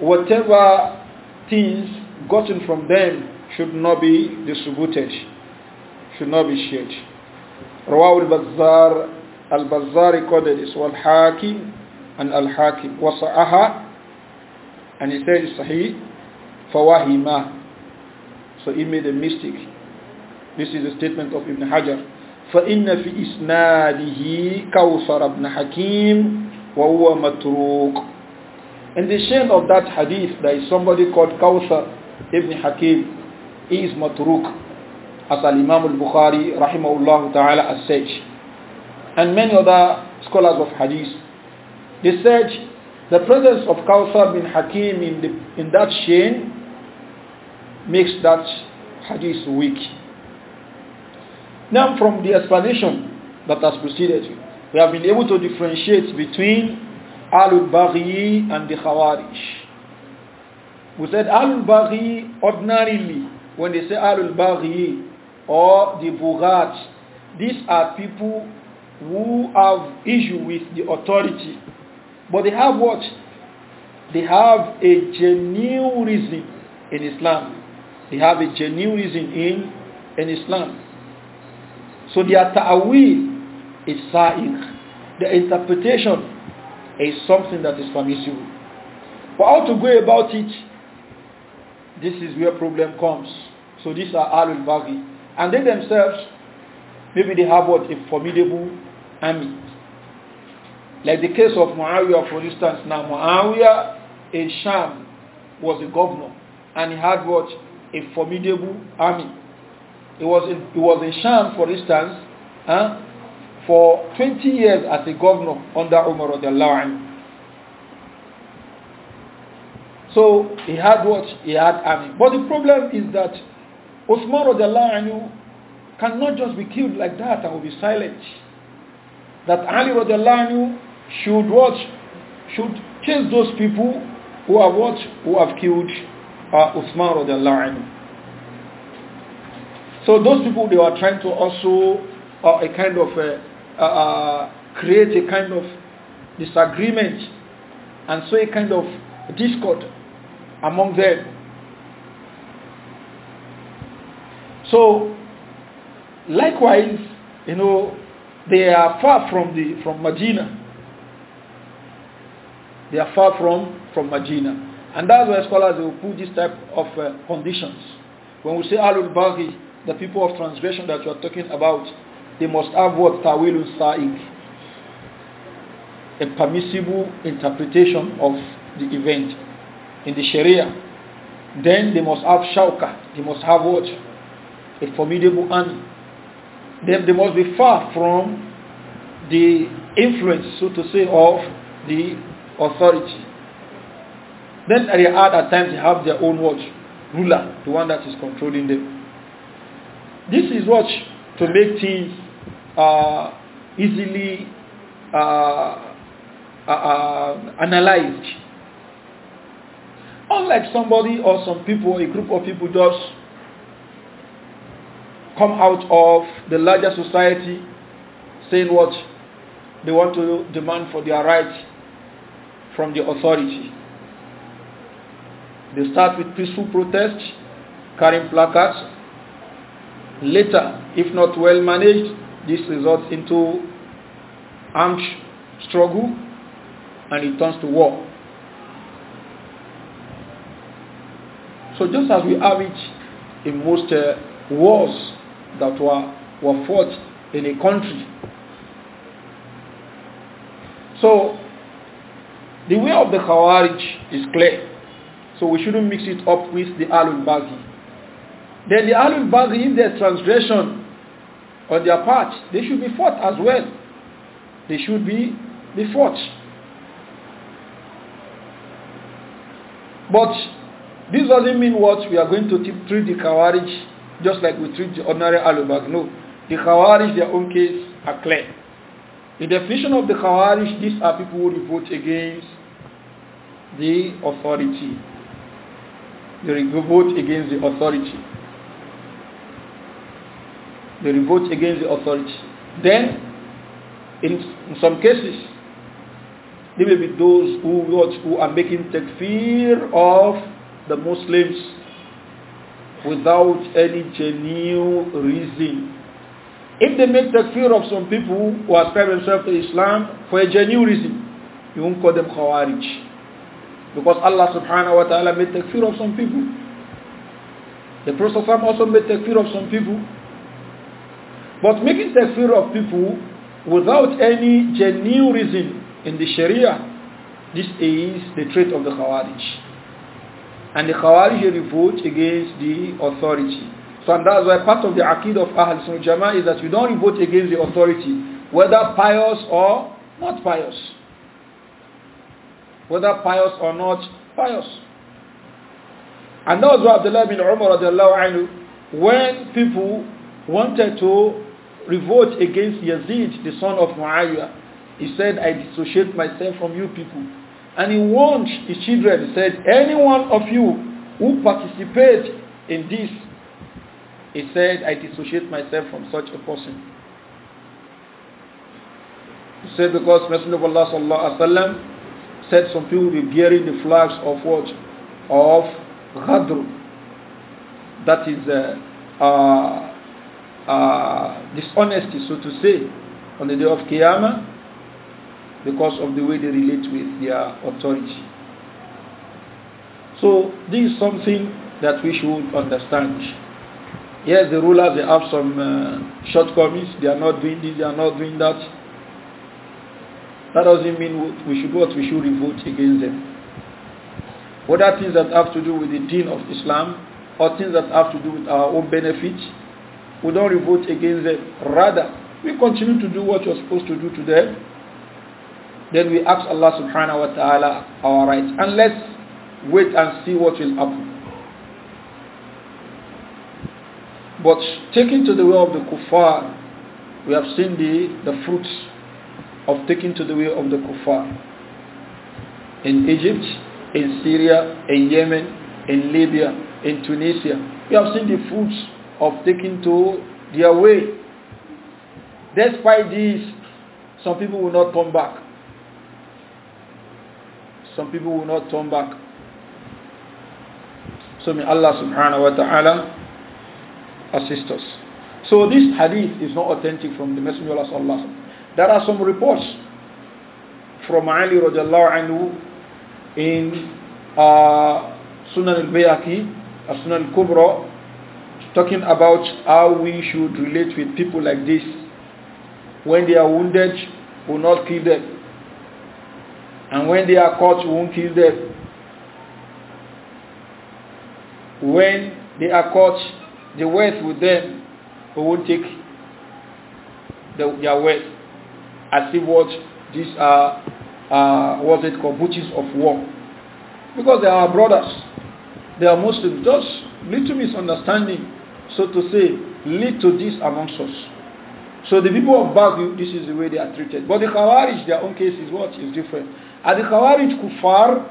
Whatever things gotten from them should not be distributed, should not be shared. رواه البزار البزار recorded this والحاكم and الحاكم وصحها and he said صحيح فوهما so he made a mistake this is a statement of Ibn Hajar. فإن في إسناده كوثر ابْنَ حكيم وهو متروك In the chain of that hadith, there is somebody called Kawthar ibn Hakim. He is matruk, as al-Imam al-Bukhari rahimahullah ta'ala as said. And many other scholars of hadith. They said the presence of Kawthar Ibn Hakim in, the, in that chain makes that hadith weak. Now, from the explanation that has preceded, we have been able to differentiate between Al-Baghi and the Khawarij. We said Al-Baghi ordinarily, when they say Al-Baghi or the Bughat, these are people who have issue with the authority. But they have what? They have a genuine reason in Islam. They have a genuine reason in, in Islam. So their ta'awil is sa'iq. The interpretation is something that is permissible. But how to go about it, this is where problem comes. So these are Alul Baghi. And they themselves, maybe they have what? A formidable army. Like the case of Muawiyah, for instance. Now, Muawiyah in Sham was a governor. And he had what? A formidable army. He was in, he was in Sham, for instance, huh, for 20 years as a governor under Umar radiallahu So he had what? He had army. But the problem is that Osman radiallahu cannot just be killed like that and will be silent. That Ali radiallahu should watch, should chase those people who have what? Who have killed uh, Uthman radiallahu anhu. So those people, they are trying to also uh, a kind of uh, uh, uh create a kind of disagreement and so a kind of discord among them. So likewise, you know, they are far from the from Medina. They are far from from Medina. And that's why scholars will put this type of uh, conditions. When we say Alul Baghi, the people of transgression that you are talking about, they must have what Tawilun Sa'ik, a permissible interpretation of the event in the Sharia. Then they must have shauka, they must have what? A formidable army. Then they must be far from the influence, so to say, of the authority. Then they are at times they have their own watch, ruler, the one that is controlling them. This is what to make things uh, easily uh, uh, uh, analyzed. Unlike somebody or some people, a group of people just come out of the larger society saying what they want to demand for their rights from the authority. They start with peaceful protest, carrying placards, later, if not well managed, this results into armed struggle and it turns to war. So just as we have it in most uh, wars that were, were fought in a country. So the way of the Khawarij is clear. So we shouldn't mix it up with the Alul Bazi. Then the Ahlul Baghi, if there's transgression on their part, they should be fought as well. They should be, be fought. But this doesn't mean what we are going to treat the Khawarij just like we treat the ordinary Ahlul Baghi. No. The Khawarij, their own case are clear. The definition of the Khawarij, these are people who revolt against the authority. They revolt against the authority. They revolt against the authority. Then, in, in some cases, there may be those who, who are making takfir of the Muslims without any genuine reason. If they make takfir of some people who ascribe themselves to Islam for a genuine reason, you won't call them khawarij. Because Allah subhanahu wa ta'ala made takfir of some people. The Prophet also made takfir of some people. But making takfir of people without any genuine reason in the Sharia, this is the trait of the Khawarij. And the Khawarij revolt against the authority. So and that's why part of the Aqid of Ahl Sunnah Jama is that you don't revolt against the authority, whether pious or not pious. Whether pious or not pious. And that was why Abdullah bin Umar radiallahu anhu, when people wanted to revolt against Yazid, the son of Muawiyah. He said, I dissociate myself from you people. And he warned his children, he said, any one of you who participate in this, he said, I dissociate myself from such a person. He said, because Messenger of Allah sallallahu alaihi wasallam said some people will be bearing the flags of what? Of Ghadr. That is uh, uh, dishonesty, so to say, on the day of Qiyamah because of the way they relate with their authority. So this is something that we should understand. Yes, the rulers they have some uh, shortcomings. They are not doing this. They are not doing that. That doesn't mean we should what we should revolt against them. Whether things that have to do with the deen of Islam or things that have to do with our own benefit, we don't revolt against them. Rather, we continue to do what you're supposed to do to them. Then we ask Allah subhanahu wa ta'ala our rights. And let's wait and see what will happen. But taking to the way of the kuffar, we have seen the, the fruits of taking to the way of the kuffar. In Egypt, in Syria, in Yemen, in Libya, in Tunisia, we have seen the fruits of taking to their way. Despite this, some people will not turn back. Some people will not turn back. So may Allah subhanahu wa ta'ala assist us. So this hadith is not authentic from the Messenger of Allah. There are some reports from Ali radiallahu anhu in uh, Sunan al-Bayaki, Sunan al-Kubra, talking about how we should relate with people like this. When they are wounded, we will not kill them. And when they are caught, we won't kill them. When they are caught, the wealth with them, we won't take the, their wealth. I see what these are, uh, what it called, butchers of war. Because they are brothers. They are Muslims. Just little misunderstanding so to say, lead to this amongst us. So the people of Bagu, this is the way they are treated. But the Khawarij, their own case is what is different. At the Khawarij kuffar,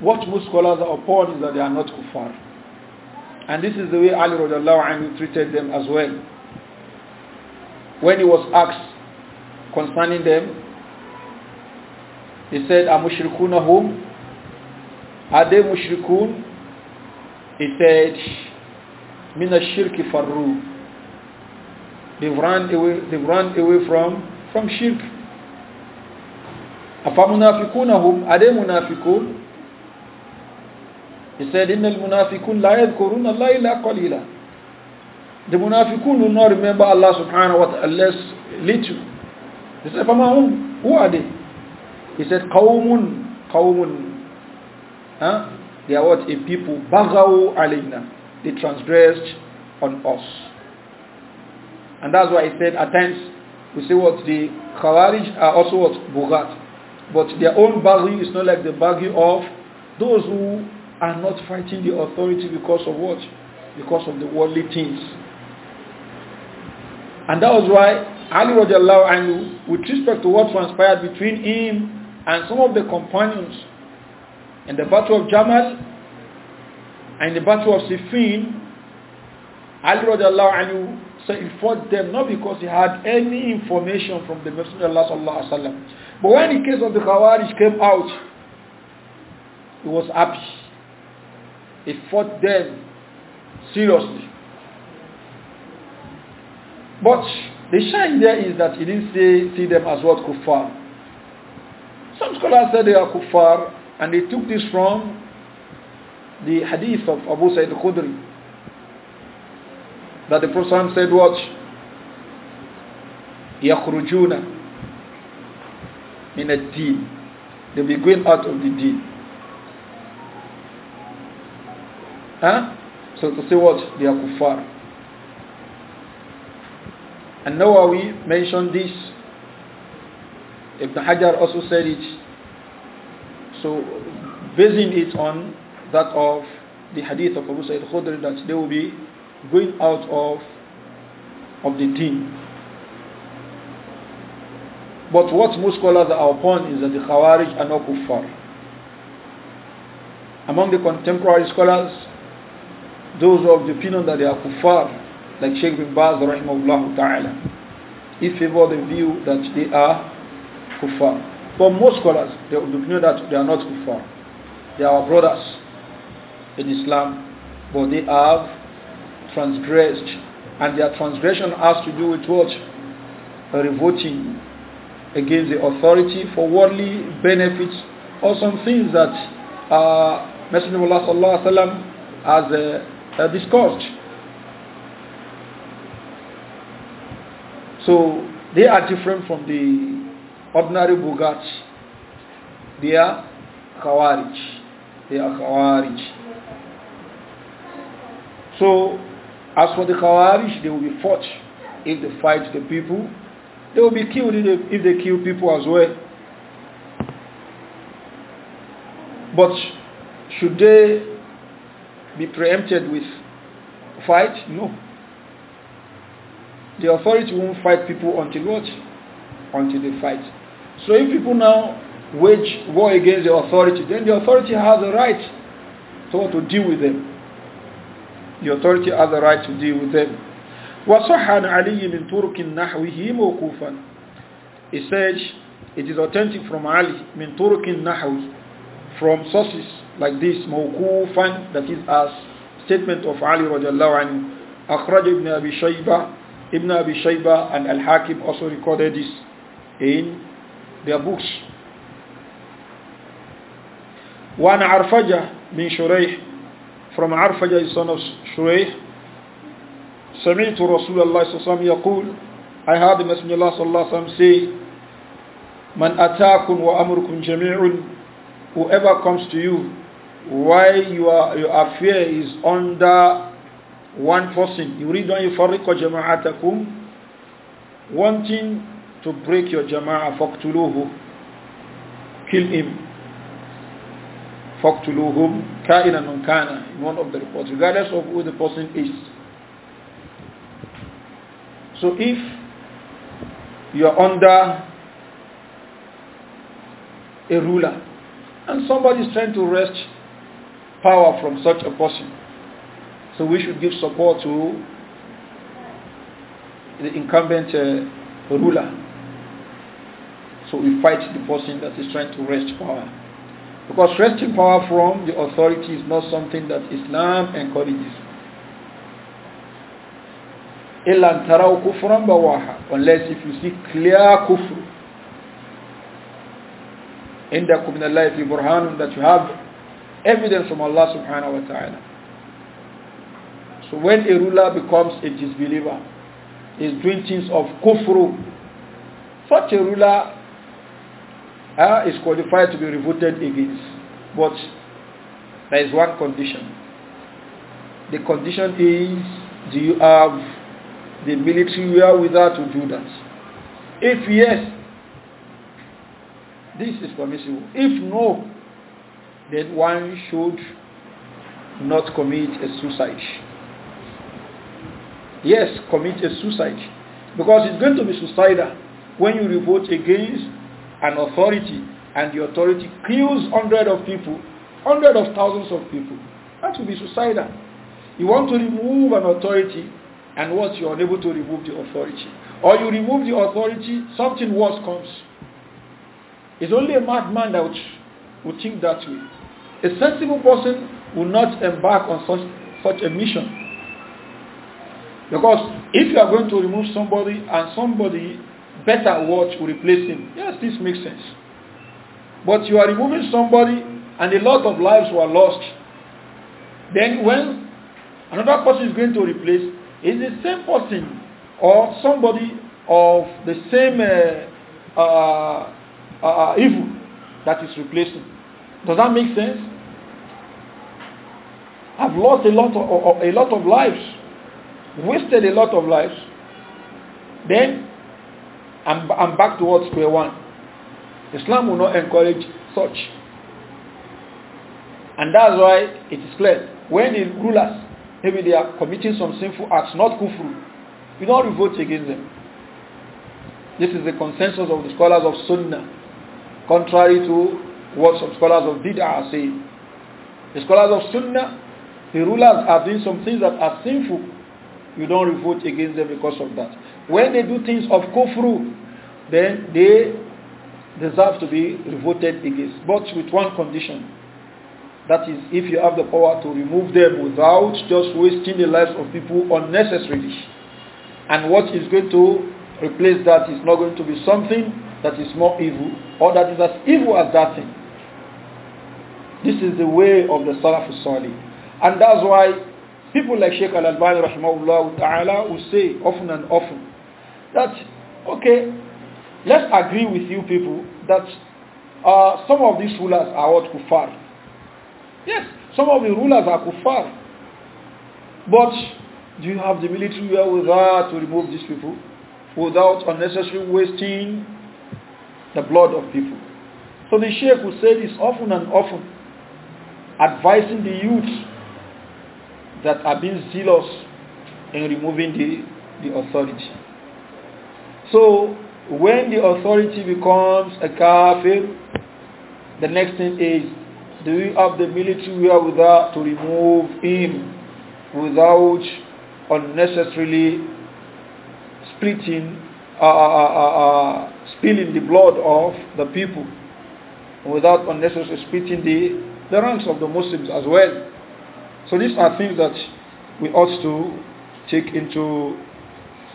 what most scholars are upon is that they are not Kufar. And this is the way Ali radiallahu anhu treated them as well. When he was asked concerning them, he said, Amushrikuna whom? Are they mushrikun? He said, min ash-shirk farru. They've run away. They've run away from from shirk. أفمنافقونهم أدي منافقون He said "Inna إن المنافقون لا يذكرون الله إلا qalila." The munafiqun do not remember Allah subhanahu wa ta'ala unless little. He said, hum? Who are they? He said, قَوْمٌ قَوْمٌ huh? They are what? A people. بَغَوْا alayna." they transgressed on us. And that's why I said at times we say what the Khawarij are also what Bughat. But their own bargain is not like the bargain of those who are not fighting the authority because of what? Because of the worldly things. And that was why Ali radiallahu anhu, with respect to what transpired between him and some of the companions in the battle of Jamal, and in the battle of Siffin, Ali radiallahu anhu said he fought them not because he had any information from the Messenger of Allah sallallahu alaihi wasallam. But when the case of the Khawarij came out, he was happy. He fought them seriously. But the shine there is that he didn't see them as what kuffar. Some scholars said they are kuffar and they took this from the hadith of Abu Sa'id khudri that the Prophet said watch in a الدين they'll be going out of the deen huh? so to say what they are kuffar and we mentioned this Ibn Hajar also said it so basing it on that of the hadith of Abu Sa'id Khudri that they will be going out of of the deen. But what most scholars are upon is that the Khawarij are not kuffar. Among the contemporary scholars, those of the opinion that they are kuffar, like Sheikh bin Baz rahimahullah ta'ala, he favor the view that they are kuffar. But most scholars, they are the opinion that they are not kuffar. They are brothers in Islam, but they have transgressed, and their transgression has to do with what? Revolting against the authority for worldly benefits or some things that uh, Messenger of Allah sallallahu alaihi wasallam has uh, uh, discussed. So they are different from the ordinary Bugats. They are Khawarij. They are Khawarij. So, as for the Khawarij, they will be fought if they fight the people. They will be killed if they, if they kill people as well. But should they be preempted with fight? No. The authority won't fight people until what? Until they fight. So if people now wage war against the authority, then the authority has a right to, to deal with them the authority has the right to deal with them. وصح عن علي من طرق نحوه موقوفا He says, it is authentic from Ali من طرق نحوه from sources like this موقوفا that is as statement of Ali رضي الله عنه أخرج ابن أبي شيبة ابن أبي شيبة and al Hakib also recorded this in their books وعن عرفجة من شريح from Arfaja son of Shuayh سمعت رسول الله صلى الله عليه وسلم يقول I heard the Messenger of Allah صلى الله عليه وسلم say من أتاكم وأمركم جميع whoever comes to you while your, your affair is under one person يريد أن يفرق جماعتكم wanting to break your jama'ah فاقتلوه kill him فَقْتُلُوهُمْ كَائِنًا مَنْ كَانَ In one of the reports, regardless of who the person is. So if you are under a ruler and somebody is trying to wrest power from such a person, so we should give support to the incumbent uh, ruler. So we fight the person that is trying to wrest power. Because wresting power from the authority is not something that Islam encourages. Unless if you see clear kufr in the Qubnallah Burhanum that you have evidence from Allah subhanahu wa ta'ala. So when a ruler becomes a disbeliever, is doing things of kufru, such a ruler uh, is qualified to be revolted against. But there is one condition. The condition is, do you have the military wherewithal to do that? If yes, this is permissible. If no, then one should not commit a suicide. Yes, commit a suicide. Because it's going to be suicidal when you revolt against an authority and the authority kills hundreds of people, hundreds of thousands of people, that will be suicidal. You want to remove an authority and what you're unable to remove the authority. Or you remove the authority, something worse comes. It's only a madman that would, would think that way. A sensible person will not embark on such, such a mission. Because if you are going to remove somebody and somebody better watch will replace him. Yes, this makes sense. But you are removing somebody and a lot of lives were lost. Then when another person is going to replace, is the same person or somebody of the same uh, uh, uh, uh evil that is replacing. Does that make sense? I've lost a lot of, a lot of lives, wasted a lot of lives. Then I'm, I'm back towards square one. Islam will not encourage such. And that's why it is clear. When the rulers, maybe they are committing some sinful acts, not kufru, you don't revolt against them. This is the consensus of the scholars of Sunnah, contrary to what some scholars of Bid'ah are saying. The scholars of Sunnah, the rulers are doing some things that are sinful. You don't revolt against them because of that. When they do things of kufru, then they deserve to be revolted against, but with one condition. That is, if you have the power to remove them without just wasting the lives of people unnecessarily. And what is going to replace that is not going to be something that is more evil or that is as evil as that thing. This is the way of the Salaf Salih. And that's why people like Sheikh Al-Albani rahimahullah ta'ala will say often and often that, okay, let's agree with you people that uh, some of these rulers are what kufar. Yes, some of the rulers are kufar. But do you have the military wherewithal to remove these people without unnecessarily wasting the blood of people? So the sheikh will say this often and often, advising the youth that are being zealous in removing the, the authority. So when the authority becomes a kafir, the next thing is, do we have the military wherewithal to remove him without unnecessarily splitting, uh uh, uh, uh, uh, spilling the blood of the people, without unnecessarily splitting the, the ranks of the Muslims as well? So these are things that we ought to take into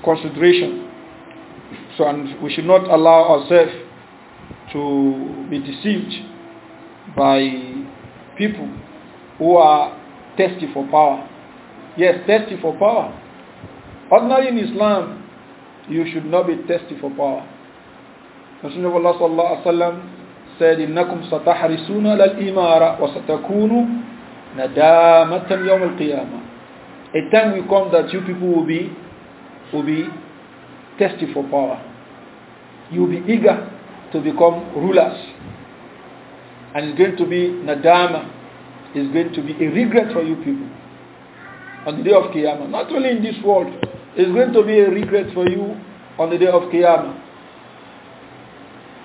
consideration. So, and we should not allow ourselves to be deceived by people who are thirsty for power. Yes, thirsty for power. Ordinarily in Islam, you should not be thirsty for power. Messenger of Allah sallallahu alaihi wasallam said, "Innakum satahrisuna lal imara wa satakunu nadamatan yawm al qiyamah." A time will come that you people will be will be thirsty for power. You will be eager to become rulers. And it's going to be nadama. It's going to be a regret for you people. On the day of Qiyamah. Not only in this world. It's going to be a regret for you on the day of Qiyamah.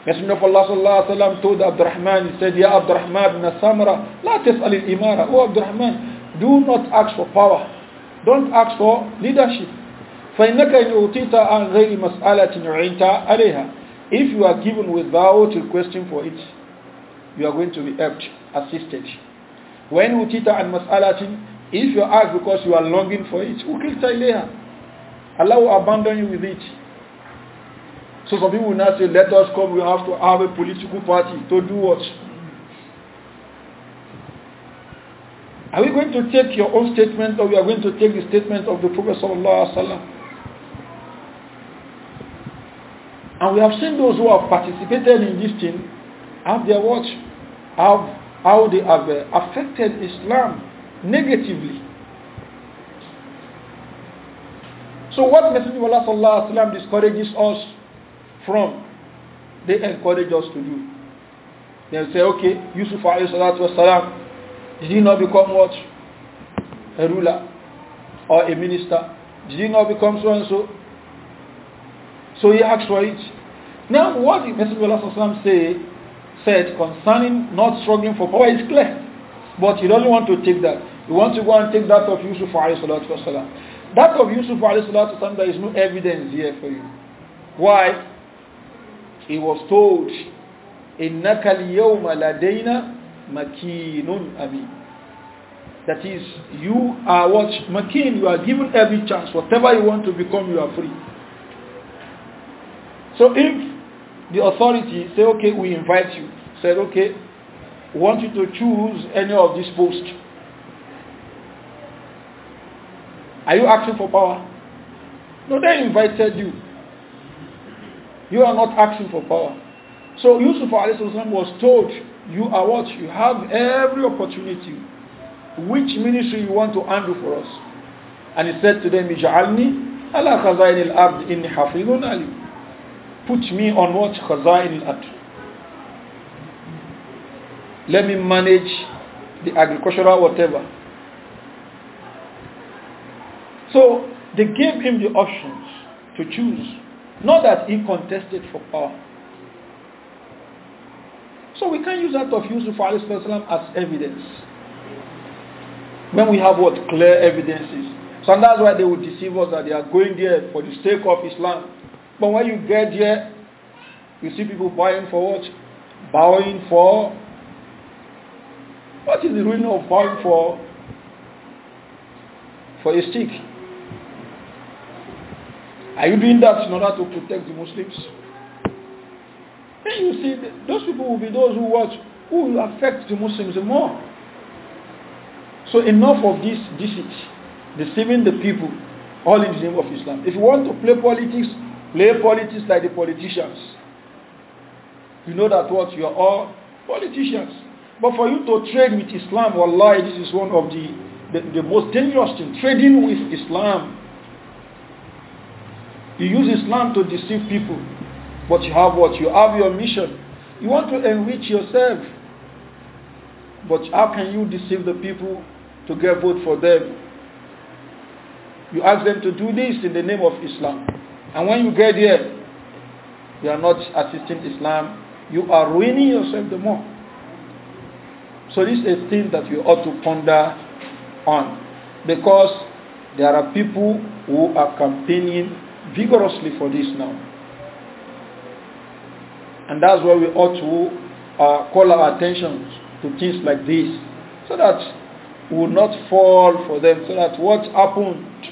Messenger of Allah sallallahu alayhi wa sallam told Abdurrahman, he said, Ya Abdurrahman ibn Samra, la tes'al al-imara. Oh Abdurrahman, do not ask for power. Don't ask for leadership. فإنك إن أوتيت عن غير مسألة عينت عليها if you are given without requesting for it you are going to be helped assisted when أوتيت عن مسألة if you ask because you are longing for it أوكلت إليها Allah will abandon you with it so some people will now say let us come we have to have a political party to do what Are we going to take your own statement or we are going to take the statement of the Prophet sallallahu alaihi wasallam? And we have seen those who have participated in this thing have their watch, have how they have uh, affected Islam negatively. So what Messenger of Allah sallam, discourages us from, they encourage us to do. They say, okay, Yusuf والسلام, did he not become what? A ruler or a minister? Did he not become so and so? So he asked for it. Now, what the Messenger of Allah say, said concerning not struggling for power is clear. But he doesn't want to take that. He wants to go and take that of Yusuf والسلام. That of Yusuf والسلام, there is no evidence here for you. Why? He was told, إِنَّكَ الْيَوْمَ لَدَيْنَا مَكِينٌ أَمِينٌ That is, you are what? Makin, you are given every chance. Whatever you want to become, you are free. So if the authority say, okay, we invite you, said, okay, we want you to choose any of these posts. Are you asking for power? No, they invited you. You are not asking for power. So Yusuf was told, you are what? You have every opportunity. Which ministry you want to handle for us? And he said to them, Ija'alni ala khazain al-abd inni hafizun alim put me on what? Khazain at. Let me manage the agricultural whatever. So they gave him the options to choose. Not that he contested for power. So we can use that of Yusuf as evidence. When we have what? Clear evidences. So that's why they will deceive us that they are going there for the sake of Islam. But when you get there, you see people buying for what? Bowing for. What is the ruin of bowing for? For a stick. Are you doing that in order to protect the Muslims? Then you see, those people will be those who watch, who will affect the Muslims more. So enough of this deceit, deceiving the people, all in the name of Islam. If you want to play politics, Play politics like the politicians. You know that what? You are all politicians. But for you to trade with Islam, wallahi, this is one of the, the, the most dangerous things. Trading with Islam. You use Islam to deceive people. But you have what? You have your mission. You want to enrich yourself. But how can you deceive the people to get vote for them? You ask them to do this in the name of Islam. And when you get there, you are not assisting Islam, you are ruining yourself the more. So this is a thing that you ought to ponder on because there are people who are campaigning vigorously for this now. And that's why we ought to uh, call our attention to things like this so that we will not fall for them, so that what happened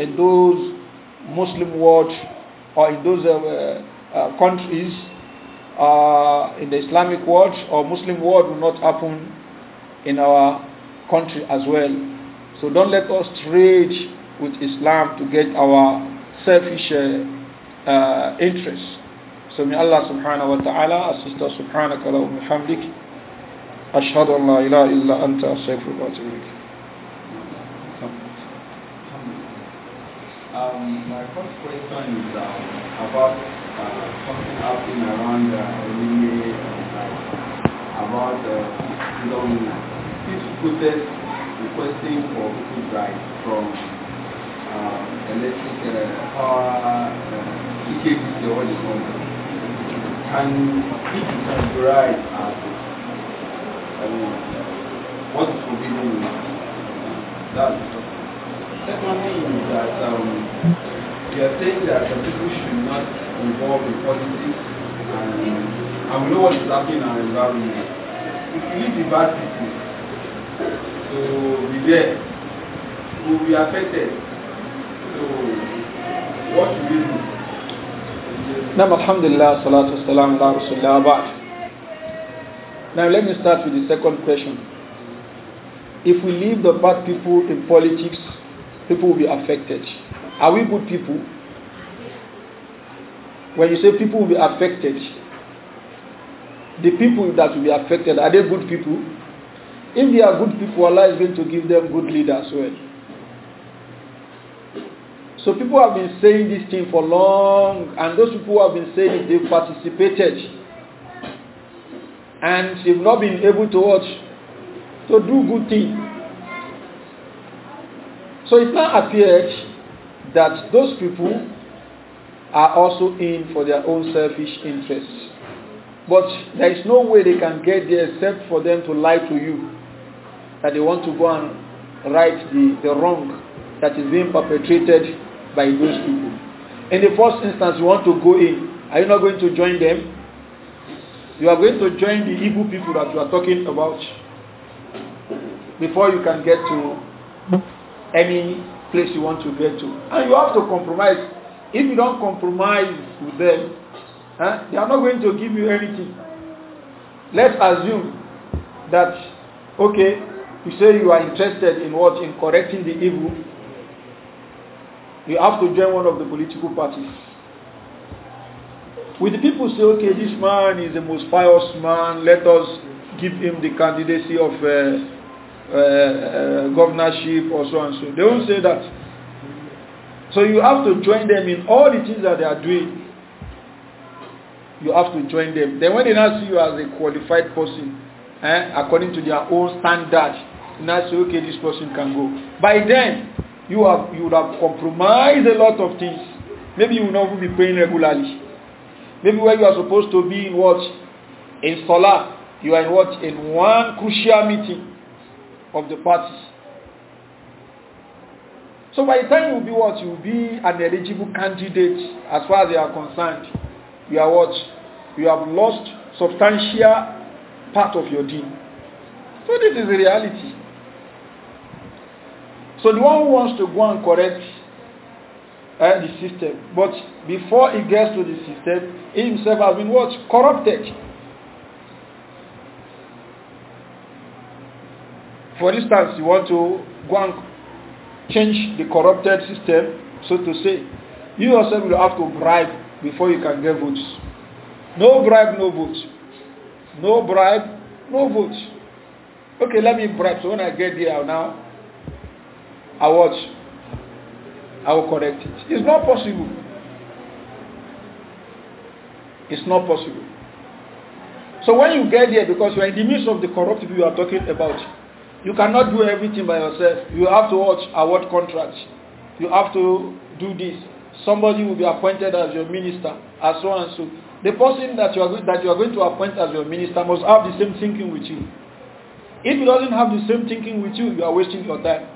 in those Muslim world or in those uh, uh, countries uh, in the Islamic world or Muslim world will not happen in our country as well. So don't let us trade with Islam to get our selfish uh, uh, interests. So may Allah subhanahu wa ta'ala assist us subhanaka wa bihamdik. أشهد أن لا إله إلا أنت أستغفرك وأتوب إليك Um, my first question is um, about uh, something happening around uh, Olympe, uh, about the uh, dominance. Peace protest requesting for people's rights from um, electric uh, power, uh, EKBC, all the companies. Can it be categorized as I mean, what is forbidden? That's Secondly, is that um, you are saying that the people should not involve in politics and, and um, we know what is happening in our environment. If you leave the bad people to be there, we will be affected. So, what should we do? Now, Alhamdulillah, salatu salam, ala Now, let me start with the second question. If we leave the bad people in politics, people will be affected. Are we good people? When you say people will be affected, the people that will be affected, are they good people? If they are good people, Allah is going to give them good leaders as well. So people have been saying this thing for long, and those people who have been saying it, they've participated. And they've not been able to watch, to do good things. So it now appeared that those people are also in for their own selfish interests. But there is no way they can get there except for them to lie to you that they want to go and right the, the wrong that is being perpetrated by those people. In the first instance, you want to go in. Are you not going to join them? You are going to join the evil people that you are talking about before you can get to any place you want to get to. And you have to compromise. If you don't compromise with them, eh, they are not going to give you anything. Let's assume that, okay, you say you are interested in what? In correcting the evil. You have to join one of the political parties. With the people say, okay, this man is the most pious man, let us give him the candidacy of uh, Uh, uh, governorship or so and so. They won't say that. So you have to join them in all the things that they are doing. You have to join them. Then when they now see you as a qualified person, eh, according to their own standard, now say, okay, this person can go. By then, you have you would have compromised a lot of things. Maybe you will not be paying regularly. Maybe where you are supposed to be in what? In solar, you are in what? In one crucial meeting of the parties, So by the time you be what? You be an eligible candidate as far as they are concerned. You are what? You have lost substantial part of your deed. So this is the reality. So the one who wants to go and correct uh, the system, but before he gets to the system, he himself has been what? Corrupted. For instance, you want to go and change the corrupted system, so to say, you yourself will have to bribe before you can get votes. No bribe, no vote. No bribe, no vote. Okay, let me bribe. So when I get there now, I watch. I will correct it. It's not possible. It's not possible. So when you get there, because you are in the midst of the corrupt people you are talking about, You cannot do everything by yourself. You have to watch award contracts. You have to do this. Somebody will be appointed as your minister, as so and so. The person that you are going, that you are going to appoint as your minister must have the same thinking with you. If he doesn't have the same thinking with you, you are wasting your time.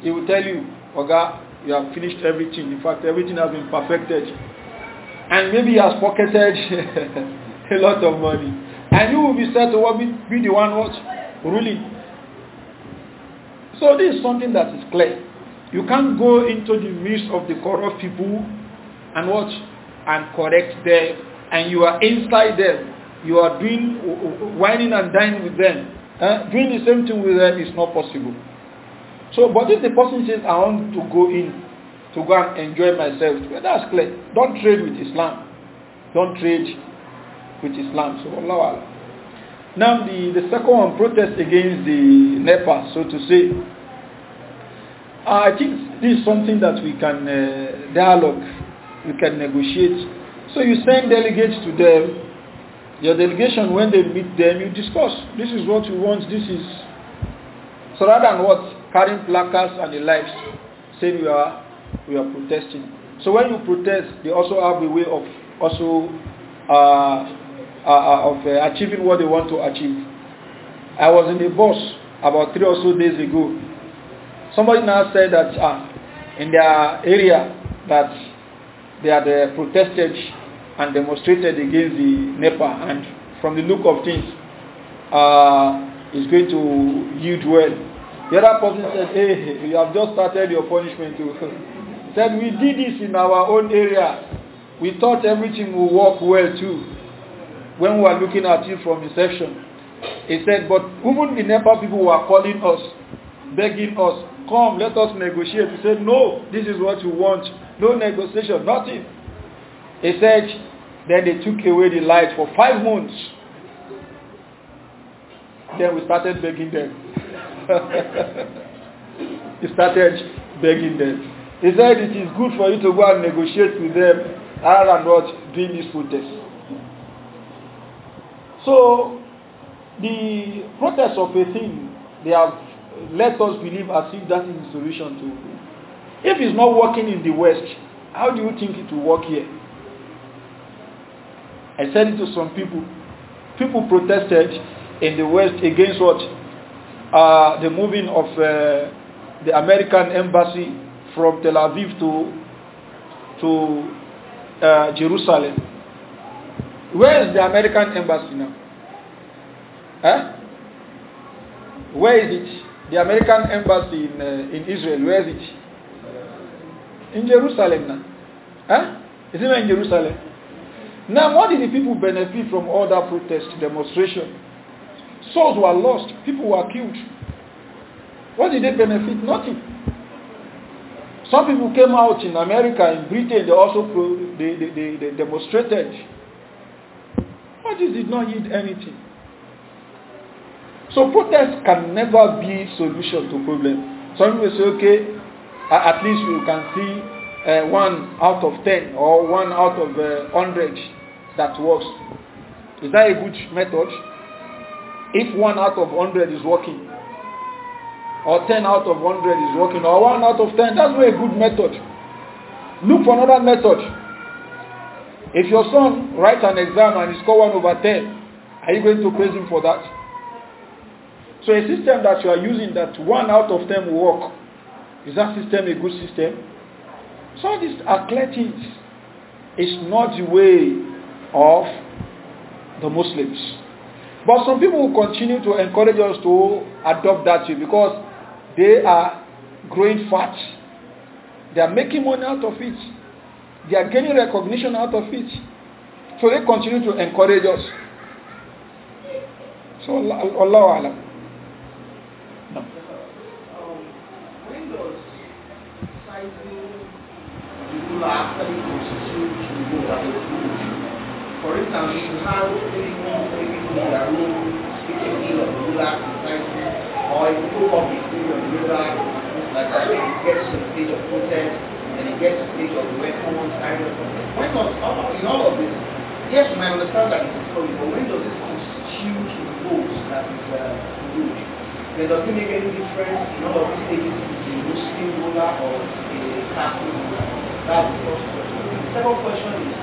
He will tell you, Oga, you have finished everything. In fact, everything has been perfected. And maybe he has pocketed a lot of money. And you will be said to be the one what? ruling. So this is something that is clear. You can't go into the midst of the corrupt people and watch and correct them and you are inside them. You are doing whining and dining with them. Eh? Doing the same thing with them is not possible. So but if the person says I want to go in to go and enjoy myself, well, that's clear. Don't trade with Islam. Don't trade with Islam. So Allah Allah. Now the, the second one, protest against the NEPA, so to say. I think this is something that we can uh, dialogue, we can negotiate. So you send delegates to them. Your delegation, when they meet them, you discuss. This is what we want. This is so rather than what carrying placards and the likes, saying we are we are protesting. So when you protest, they also have a way of also uh, Uh, uh, of uh, achieving what they want to achieve. I was in a bus about three or so days ago. Somebody now said that uh, in their area that they had uh, protested and demonstrated against the NEPA and from the look of things uh, it's going to yield well. The other person said, hey, you have just started your punishment. said, we did this in our own area. We thought everything will work well too when we were looking at you from the session, He said, but even the NEPA people were calling us, begging us, come, let us negotiate. We said, no, this is what we want. No negotiation, nothing. He said, then they took away the light for five months. Then we started begging them. we started begging them. He said, it is good for you to go and negotiate with them rather than not doing this protest. So the protest of a thing, they have let us believe as if that is the solution to it. If it's not working in the West, how do you think it will work here? I said it to some people. People protested in the West against what? Uh, the moving of uh, the American embassy from Tel Aviv to, to uh, Jerusalem. Where is the American embassy now? Eh? Where is it? The American embassy in, uh, in Israel, where is it? In Jerusalem now. Huh? Eh? Is it in Jerusalem? Now, what did the people benefit from all that protest, demonstration? Souls were lost. People were killed. What did they benefit? Nothing. Some people came out in America, in Britain, they also they, they, they, they demonstrated Moses did not yield anything. So protest can never be solution to problem. Some people say, okay, at least we can see uh, one out of ten or one out of uh, hundred that works. Is that a good method? If one out of hundred is working, or ten out of hundred is working, or one out of ten, that's not a good method. Look for another method If your son writes an exam and he scores 1 over 10, are you going to praise him for that? So a system that you are using that 1 out of 10 will work, is that system a good system? So this athletics is not the way of the Muslims. But some people will continue to encourage us to adopt that way because they are growing fat. They are making money out of it. They are gaining recognition out of it. So they continue to encourage us. So Allah, Allah Alam. No. Um, when does citing the actually constitute For instance, how anyone, anyone that will speak a deal of a people public deal of ruler, like that, gets to the stage of protest. and it gets a rid of weapons, iron. When does in all of this, yes, you might understand that it's holy, but when does it constitute the rules that is uh, good? Then does it make any difference in all of these stages is a Muslim ruler or a Catholic ruler? That's the first question. The second question is,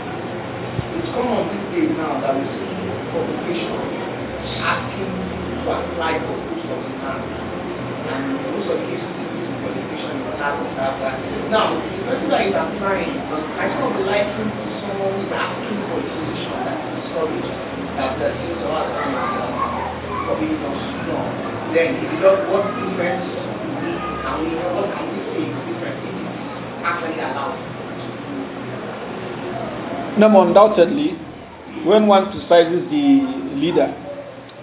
it's common these days now that we see publication asking to apply for rules of the land and most of the cases qualification or that or Now, the person is applying, but I kind of liken to someone who is asking for a solution that is solid, that the things are coming from strong. Then, if you do what difference do we, can we, what can we say is different if it is actually allowed? No, undoubtedly, when one criticizes the leader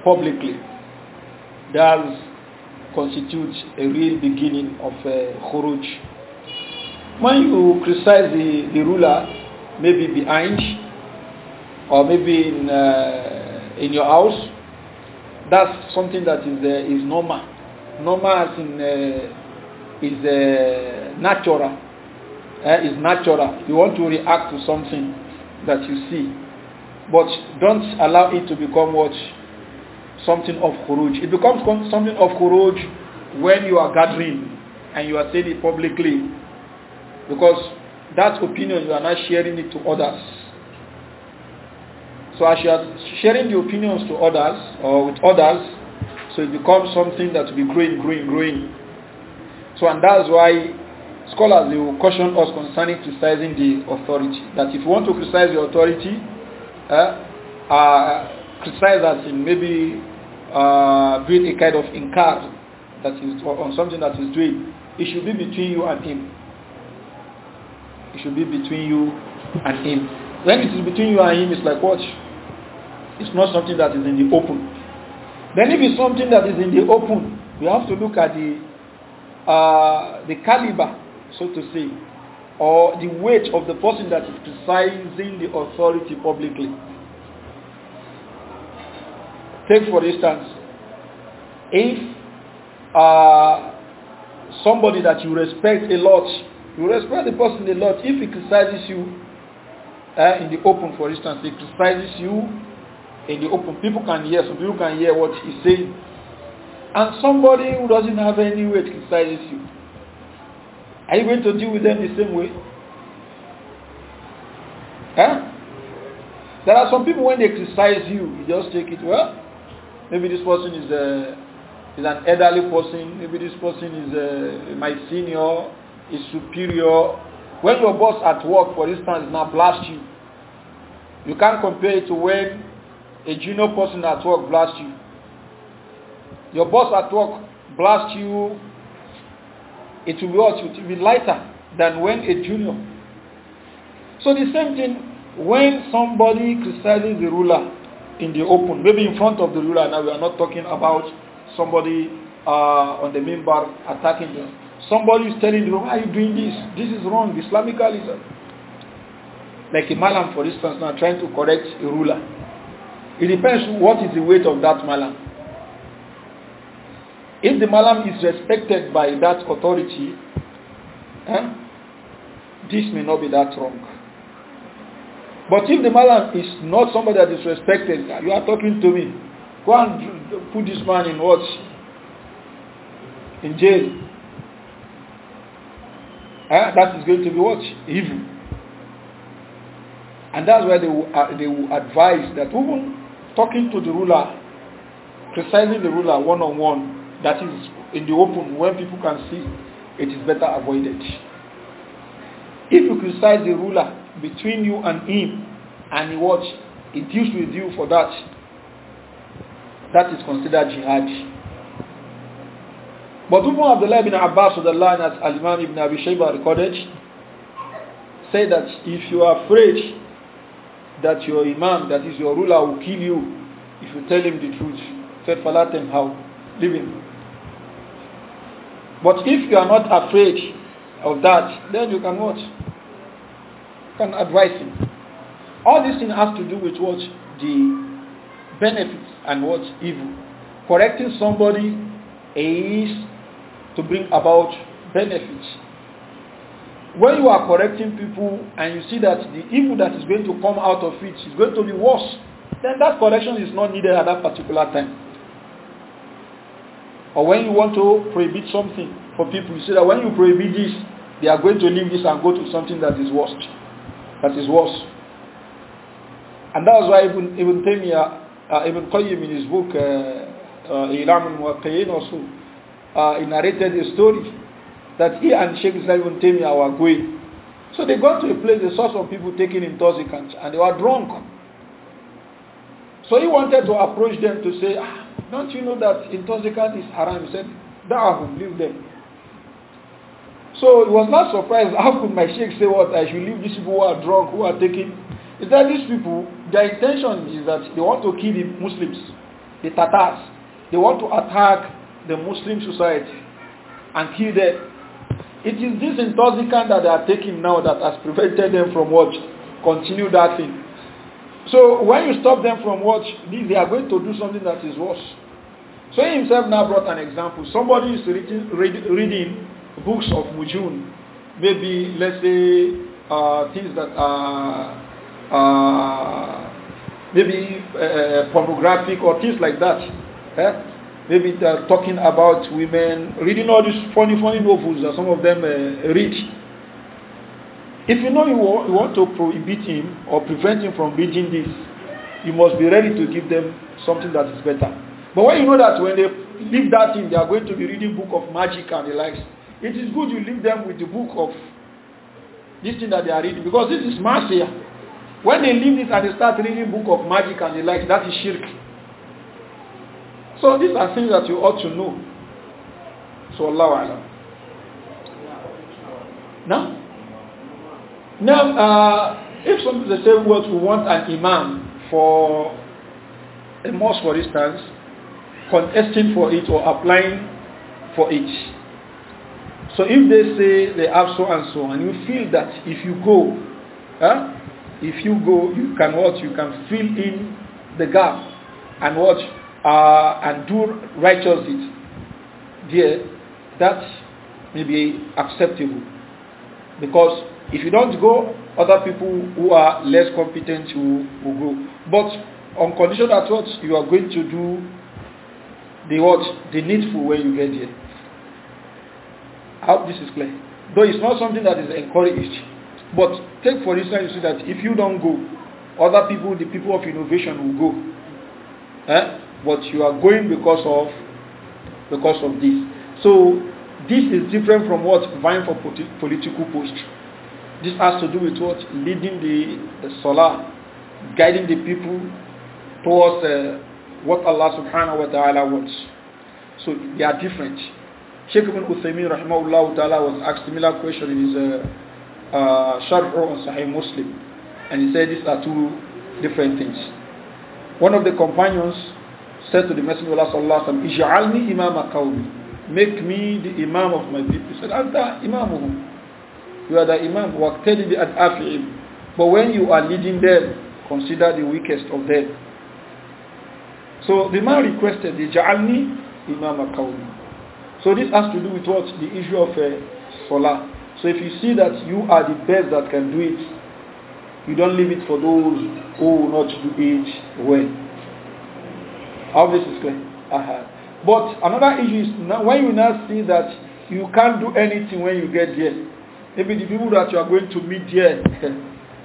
publicly, there's constitutes a real beginning of uh, khuruj. When you criticize the, the ruler, maybe behind or maybe in, uh, in your house, that's something that is, uh, is normal. Normal as in uh, is uh, natural. Uh, is natural. You want to react to something that you see. But don't allow it to become what something of khuruj. It becomes something of khuruj when you are gathering and you are saying it publicly. Because that opinion, you are not sharing it to others. So as you are sharing the opinions to others or with others, so it becomes something that will be growing, growing, growing. So and that's why scholars they will caution us concerning criticizing the authority. That if you want to criticize the authority, uh, uh, criticize us in maybe uh, a kind of inkar that is on something that is doing, it should be between you and him. It should be between you and him. When it is between you and him, it's like what? It's not something that is in the open. Then if it's something that is in the open, we have to look at the uh, the caliber, so to say, or the weight of the person that is criticizing the authority publicly. Take for instance, if uh, somebody that you respect a lot, you respect the person a lot, if he criticizes you uh, in the open, for instance, he criticizes you in the open, people can hear, some people can hear what he's saying. And somebody who doesn't have any way to criticize you, are you going to deal with them the same way? Huh? Eh? There are some people when they criticize you, you just take it well. Maybe this person is a is an elderly person. Maybe this person is a, my senior, is superior. When your boss at work, for instance, now blasts you, you can't compare it to when a junior person at work blasts you. Your boss at work blasts you. It will be what? It will be lighter than when a junior. So the same thing when somebody criticizes the ruler in the open, maybe in front of the ruler. Now we are not talking about somebody uh, on the member attacking them. Somebody is telling them, why are you doing this? This is wrong, Islamicalism. Like a malam, for instance, now trying to correct a ruler. It depends what is the weight of that malam. If the malam is respected by that authority, eh, this may not be that wrong. But if the man is not somebody that is respected, you are talking to me. Go and put this man in what? In jail. Eh? That is going to be what? Evil. And that's why they uh, they will advise that even talking to the ruler, precisely the ruler one on one, that is in the open when people can see, it is better avoided. If you criticize the ruler between you and him and what he deals with you for that that is considered jihad but Umar Abdullah ibn Abbas of the line as Al-Imam ibn Abi Shayba recorded say that if you are afraid that your imam that is your ruler will kill you if you tell him the truth said falatem how living. but if you are not afraid of that then you can watch can advise him. All this thing has to do with what the benefits and what evil. Correcting somebody is to bring about benefits. When you are correcting people and you see that the evil that is going to come out of it is going to be worse, then that correction is not needed at that particular time. Or when you want to prohibit something for people, you say that when you prohibit this, they are going to leave this and go to something that is worse that is worse. And that's why Ibn, Ibn Taymiyyah, uh, Ibn Qayyim in his book, uh, uh, Ilam al-Muwaqqiyin also, uh, he narrated a story that he and Sheikh Islam Ibn Taymiyyah were going. So they got to a place, they saw some people taking intoxicants and they were drunk. So he wanted to approach them to say, ah, don't you know that intoxicant is haram? He said, da'ahum, leave them. So it was not surprised. How could my sheikh say what? I should leave these people who are drunk, who are taking. Is that these people, their intention is that they want to kill the Muslims, the Tatars. They want to attack the Muslim society and kill them. It is this intoxicant that they are taking now that has prevented them from what? Continue that thing. So when you stop them from what? They are going to do something that is worse. So he himself now brought an example. Somebody is reading, reading books of Mujun, maybe let's say uh, things that are uh, maybe uh, pornographic or things like that. Eh? Maybe they're talking about women, reading all these funny, funny novels that some of them uh, read. If you know you want, you want to prohibit him or prevent him from reading this, you must be ready to give them something that is better. But when you know that when they leave that thing, they are going to be reading book of magic and the likes, it is good you leave them with the book of this thing that they are reading because this is masia when they leave this and they start reading book of magic and they like that is shirk so these are things that you ought to know so allah alam now now uh, if some they say what we want an imam for a mosque for instance contesting for it or applying for it So if they say they have so and so, and you feel that if you go, huh, if you go, you can what? You can fill in the gap and watch uh, and do righteous deeds. There, that may be acceptable because if you don't go, other people who are less competent will, will go. But on condition that what you are going to do the what the needful when you get there. How this is clear. Though it's not something that is encouraged. But take for instance, you see that if you don't go, other people, the people of innovation will go. Eh? But you are going because of because of this. So this is different from what vying for political post. This has to do with what leading the, the salah, guiding the people towards uh, what Allah subhanahu wa ta'ala wants. So they are different. Sheikh Ibn Uthaymeen rahimahullah ta'ala was asked similar question in his uh, uh, Sharh on Sahih Muslim and he said these are two different things. One of the companions said to the Messenger of Allah sallallahu alaihi wasallam, imama qawmi, make me the imam of my people. He said, Anta imamuhum. You are the imam. Waqtadi bi ad'afihim. But when you are leading them, consider the weakest of them. So the man requested, Ij'alni imama qawmi. So this has to do with what? The issue of uh, Salah. So if you see that you are the best that can do it, you don't leave it for those who will not do it well. Obviously, it's clear. Uh -huh. But another issue is when you now see that you can't do anything when you get there, maybe the people that you are going to meet there,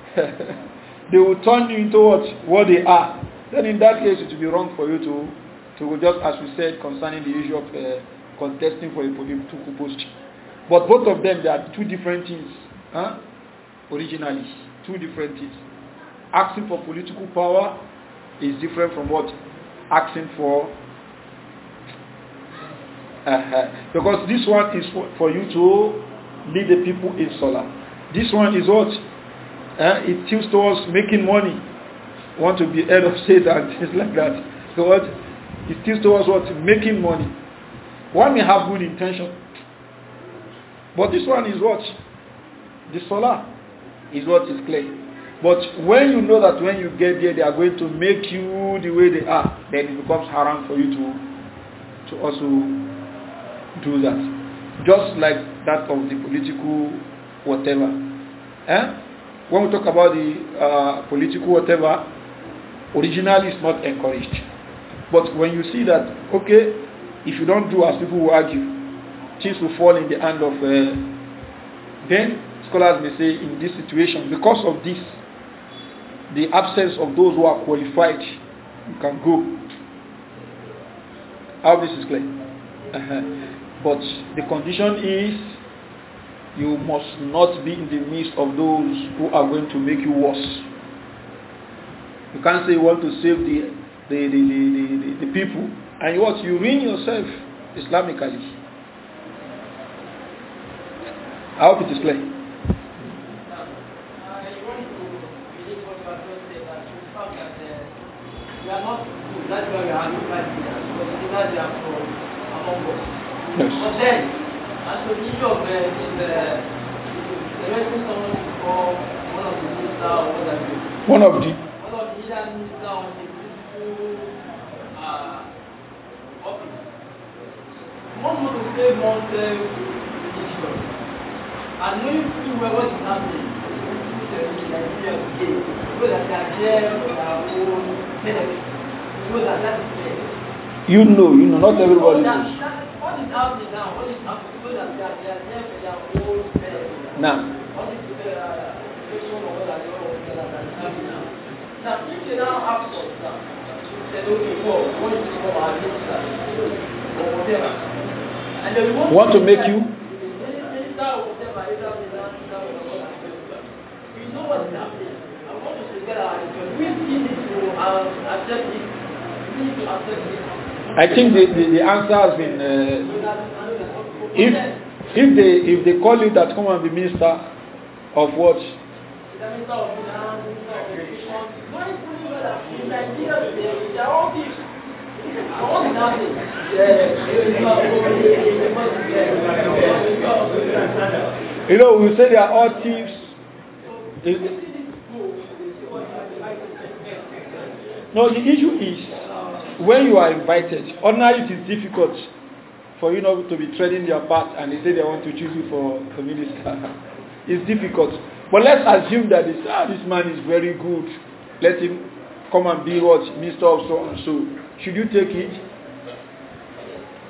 they will turn you into what, what they are. Then in that case, it will be wrong for you to, to just as we said concerning the issue of uh, contesting for a Poku post. But both of them, they are two different things. Huh? Originally, two different things. Asking for political power is different from what asking for. Because this one is for, for, you to lead the people in solar. This one is what? Uh, it tilts towards making money. Want to be head of state and things like that. So what? It tilts towards what? Making money. One may have good intention. But this one is what? The solar is what is clear. But when you know that when you get there, they are going to make you the way they are, then it becomes haram for you to, to also do that. Just like that of the political whatever. Eh? When we talk about the uh, political whatever, originally is not encouraged. But when you see that, okay, If you don't do as people will argue, things will fall in the hand of. Uh, then scholars may say in this situation, because of this, the absence of those who are qualified, you can go. How this is clear. Uh-huh. But the condition is you must not be in the midst of those who are going to make you worse. You can't say you want to save the, the, the, the, the, the people and what you ruin yourself Islamically. I hope it is clear. Yes. But then, as the issue of uh, this, uh, arresting someone for one of the minister or what have you. One of the. One of the minister on the principle. Uh, One would say one self religion. And knowing too well what is happening, You know, you know, not everybody knows. what is happening now? What is happening? So that they are, there for their own benefit. What is the uh, situation of what they are doing? Now, if they now have some now, want to make you I think the, the, the answer has been uh, if if they if they call you that come and be minister of what You know, we say they are all thieves. no, the issue is when you are invited, ordinarily it is difficult for you not to be treading your path and they say they want to choose you for a minister. it's difficult. But let's assume that this, ah, this man is very good. Let him come and be what minister of so and so should you take it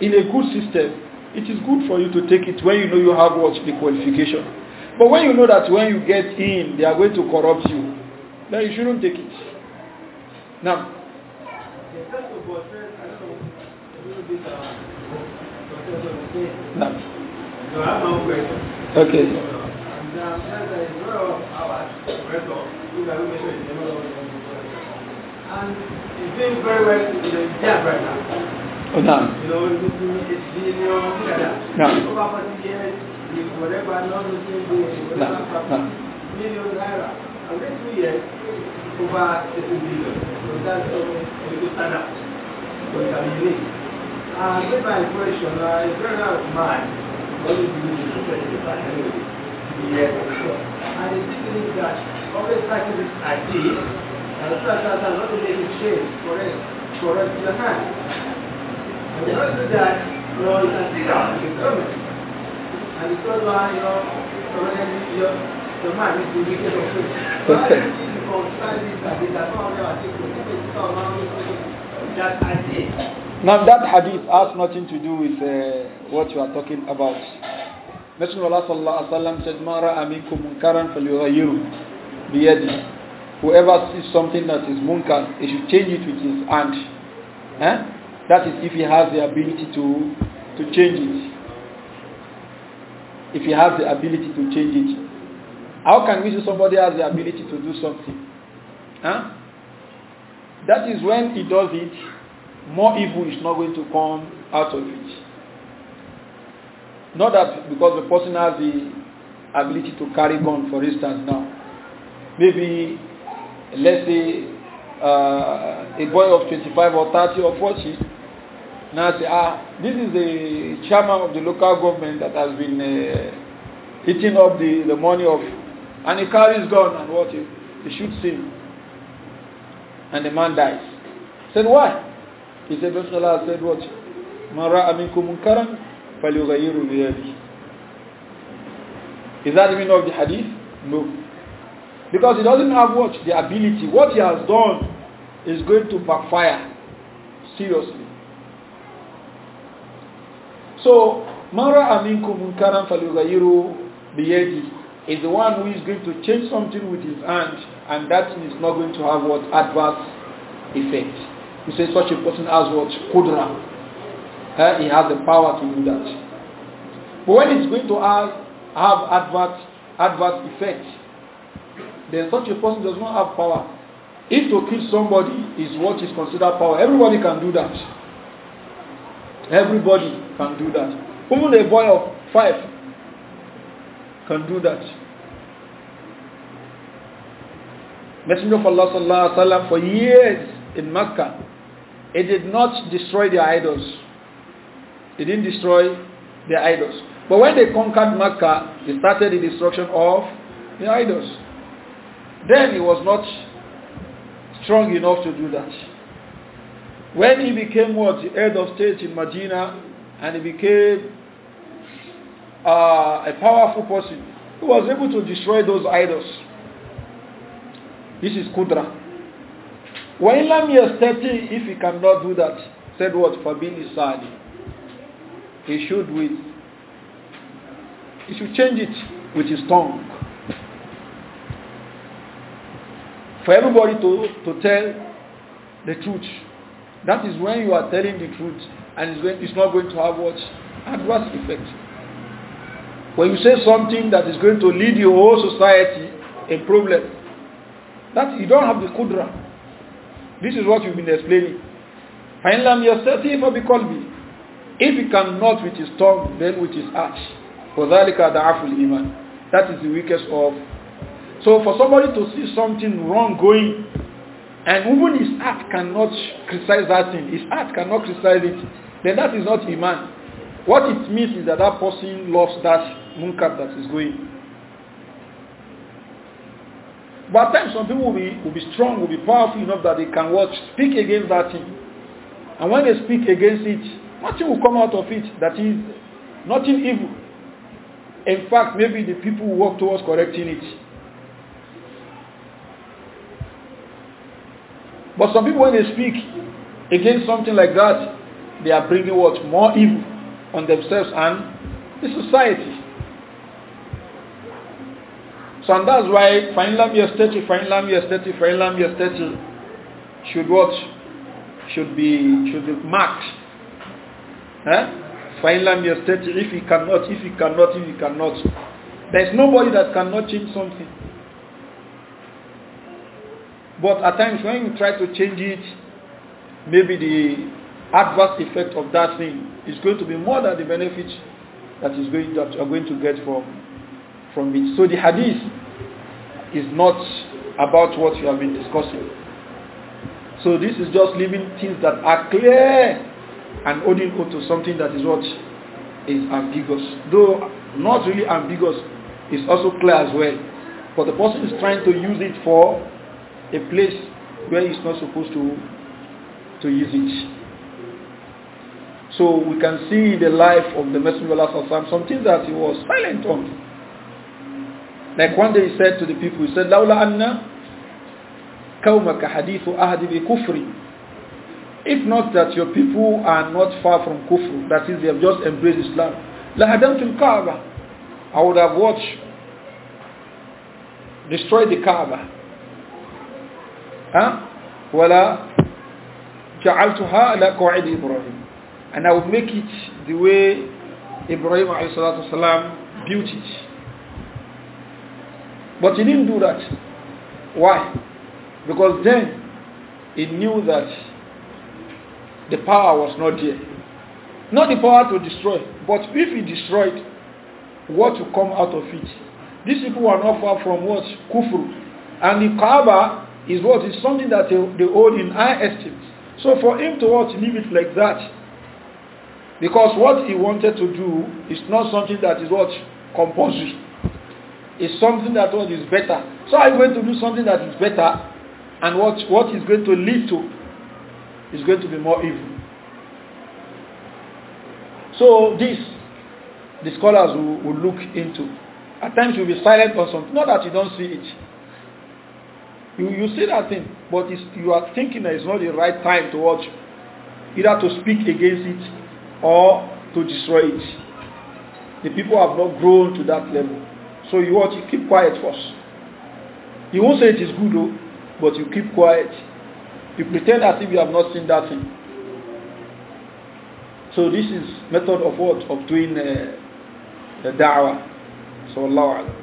in a good system it is good for you to take it when you know you have what the qualification but when you know that when you get in they are going to corrupt you then you shouldn't take it now now okay And he's doing very well in the job right now. Oh, no. You know, he's a senior, no. over 40 years, whatever, not losing the no. no. million naira. And then two years, over 30 million. So that's a good standard. So it's a unique. Uh, with my impression, uh, it's very out of mind. What is the anyway? Yes, And the thing is that always like this idea now that hadith has nothing to do with uh, what you are talking about. Messenger of Allah said, "Mara aminkum munkaran falyughayyiru biyadihi." whoever sees something that is munkar, he should change it with his hand. Eh? That is if he has the ability to, to change it. If he has the ability to change it. How can we say somebody has the ability to do something? Huh? Eh? That is when he does it, more evil is not going to come out of it. Not that because the person has the ability to carry gun, for instance, now. Maybe let's say uh, a boy of 25 or 30 or 40 now say ah this is the chairman of the local government that has been uh, eating up the, the money of and he carries gun and what he, he shoots him and the man dies said why he said Rasulullah said what mara رأى منكم منكرا فليغيره بيده Is that the meaning of the hadith? No. Because he doesn't have what? The ability. What he has done is going to backfire. Seriously. So, Mara Aminku Munkaran Falugayiru Biyedi is the one who is going to change something with his hand and that is not going to have what? Adverse effect. He says such a person has what? Kudra. Uh, he has the power to do that. But when it's going to have, have adverse, adverse effects then such a person does not have power. If to kill somebody is what is considered power, everybody can do that. Everybody can do that. Even a boy of five can do that. Messenger of Allah sallallahu alaihi wasallam for years in Mecca, he did not destroy their idols. He didn't destroy their idols. But when they conquered Mecca, they started the destruction of the idols. Then he was not strong enough to do that. When he became what? The head of state in Medina and he became uh, a powerful person, he was able to destroy those idols. This is Kudra. When Lam Yastati, if he cannot do that, said what? Fabini said, He should with he should change it with his tongue. for everybody to, to tell the truth. That is when you are telling the truth and it's, going, it's not going to have what? Adverse effect. When you say something that is going to lead your whole society a problem, that you don't have the kudra. This is what you've been explaining. Finally, If he cannot with his tongue, then with his heart. That is the weakest of so for somebody to see something wrong going, and even his heart cannot criticize that thing, his heart cannot criticize it, then that is not iman. What it means is that that person loves that munkar that is going. But at times some people will be, will be strong, will be powerful enough that they can watch, speak against that thing. And when they speak against it, nothing will come out of it that is nothing evil. In fact, maybe the people who work towards correcting it But some people, when they speak against something like that, they are bringing what? More evil on themselves and the society. So and that's why Finlam Yesteti, Finlam Yesteti, Finlam Yesteti should what? Should be should be marked. Eh? Finlam 30, if he cannot, if he cannot, if he cannot. There's nobody that cannot change something. But at times when you try to change it, maybe the adverse effect of that thing is going to be more than the benefit that is going that you are going to get from from it. So the hadith is not about what you have been discussing. So this is just leaving things that are clear and holding on to something that is what is ambiguous. Though not really ambiguous, It's also clear as well. But the person is trying to use it for a place where he's not supposed to, to use it. So we can see the life of the Messenger of Allah something that he was silent on. Like one day he said to the people, he said, لَوْلَا أَنَّ كَوْمَكَ حَدِيثُ أَهْدِ بِكُفْرٍ If not that your people are not far from kufr, that is they have just embraced Islam, لَهَدَمْتُ الْكَعْبَةِ I would have watched, destroyed the Kaaba. Huh? وَلَا جَعَلْتُهَا لَا قَوْعِدِ إِبْرَاهِيم And I will make it the way Ibrahim والسلام, built it. But he didn't do that. Why? Because then he knew that the power was not there. Not the power to destroy, but if he destroyed, what will come out of it? These people were not far from what? Kufru. And the Kaaba is what is something that they, they hold in high esteem. So for him to want to leave it like that, because what he wanted to do is not something that is what compulsory. It's something that what is better. So I'm going to do something that is better, and what what is going to lead to is going to be more evil. So this the scholars will, will look into. At times you'll be silent on something. Not that you don't see it You, you see that thing, but you are thinking that it's not the right time to watch, either to speak against it or to destroy it. The people have not grown to that level. So you watch it, keep quiet first. You won't say it is good though, but you keep quiet. You pretend as if you have not seen that thing. So this is method of what? Of doing uh, the da'wah. So Allah.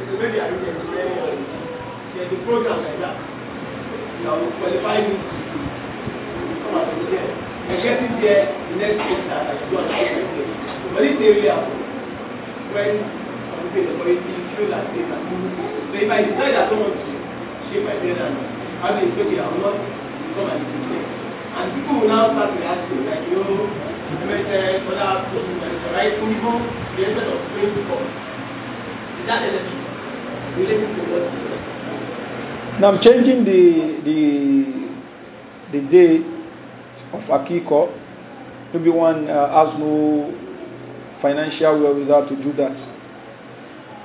Because maybe I don't understand or there's a program like that. That will qualify me to come out of there. And getting there the next thing that I do and I do But this area when I would say the community feel that they can move. So if I decide I don't want to shape my brain and have a story I will not become an engineer. And people will now start reacting like you know, I mean, and it's people, right people, the effect of training for that element. Now I'm changing the the the day of Akiko. Maybe one uh, has no financial without to do that.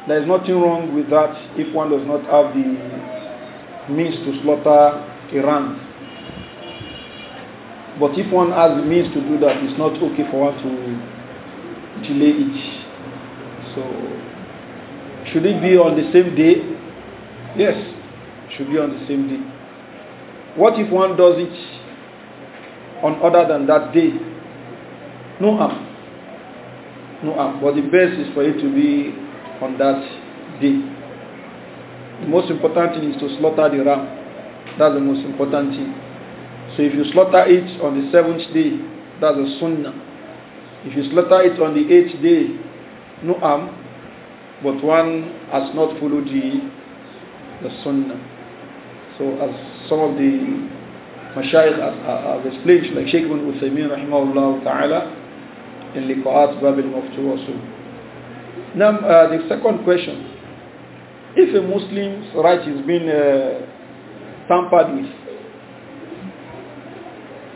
There is nothing wrong with that if one does not have the means to slaughter a ram. But if one has the means to do that, it's not okay for one to delay it. So should it be on the same day? Yes, should be on the same day. What if one does it on other than that day? No harm. No harm. But the best is for it to be on that day. The most important thing is to slaughter the ram. That's the most important thing. So if you slaughter it on the seventh day, that's a sunnah. If you slaughter it on the eighth day, no harm but one has not followed the, the sunnah. So as some of the mashayikh have explained, like Sheikh bin Uthaymeen rahimahullah ta'ala in Liqa'at Bab al-Maftuwasu. Now uh, the second question, if a Muslim's right is being uh, tampered with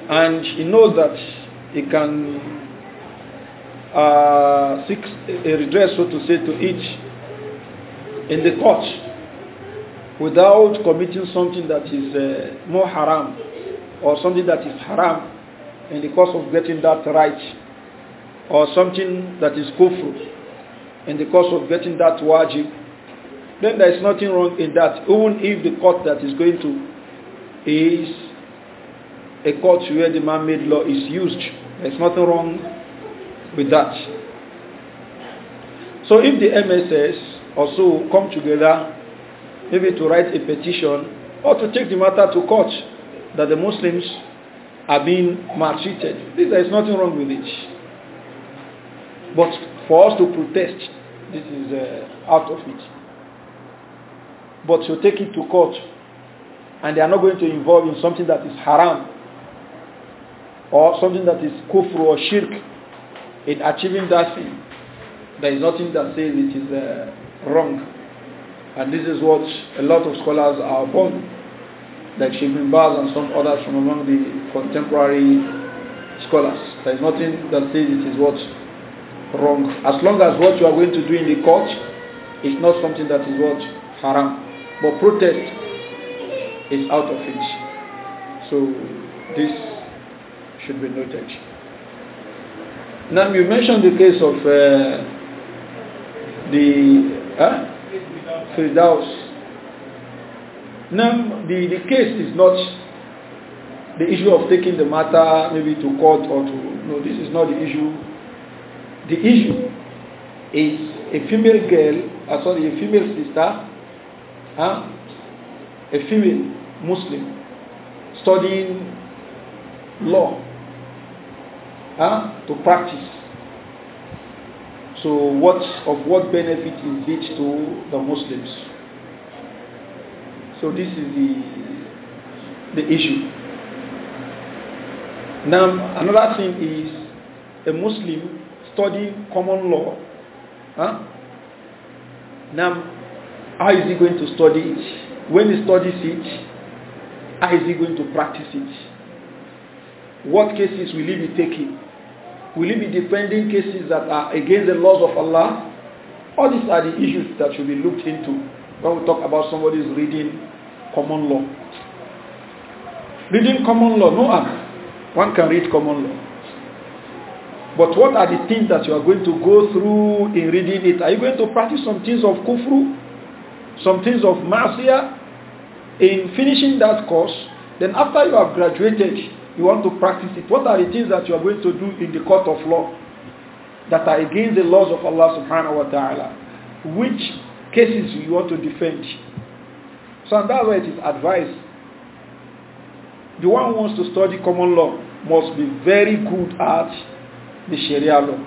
and he knows that he can uh, a redress, so to say, to each in the court without committing something that is uh, more haram or something that is haram in the course of getting that right or something that is kufr in the course of getting that wajib then there is nothing wrong in that even if the court that is going to is a court where the man-made law is used there is nothing wrong with that. So if the MSS also come together, maybe to write a petition or to take the matter to court that the Muslims are being maltreated, there is nothing wrong with it. But for us to protest, this is uh, out of it. But to take it to court and they are not going to involve in something that is haram or something that is kufr or shirk in achieving that thing, there is nothing that says it is uh, wrong. And this is what a lot of scholars are upon, like Shibin Baz and some others from among the contemporary scholars. There is nothing that says it is what wrong. As long as what you are going to do in the court is not something that is what haram. But protest is out of it. So this should be noted. Now you mentioned the case of uh, the huh? Firdaus. Now the, the case is not the issue of taking the matter maybe to court or to no this is not the issue. The issue is a female girl, uh, sorry, a female sister, huh? a female Muslim studying law huh, to practice. So what of what benefit is it to the Muslims? So this is the the issue. Now another thing is a Muslim studying common law. Huh? Now how is he going to study it? When he studies it, how is he going to practice it? What cases will he be taking? Will it be defending cases that are against the laws of Allah? All these are the issues that should be looked into when we talk about somebody's reading common law. Reading common law, no harm. One can read common law. But what are the things that you are going to go through in reading it? Are you going to practice some things of kufru? Some things of masya? In finishing that course, then after you have graduated, you want to practice it. What are the things that you are going to do in the court of law that are against the laws of Allah subhanahu wa ta'ala? Which cases you want to defend? So that's why it is advised. The one who wants to study common law must be very good at the Sharia law.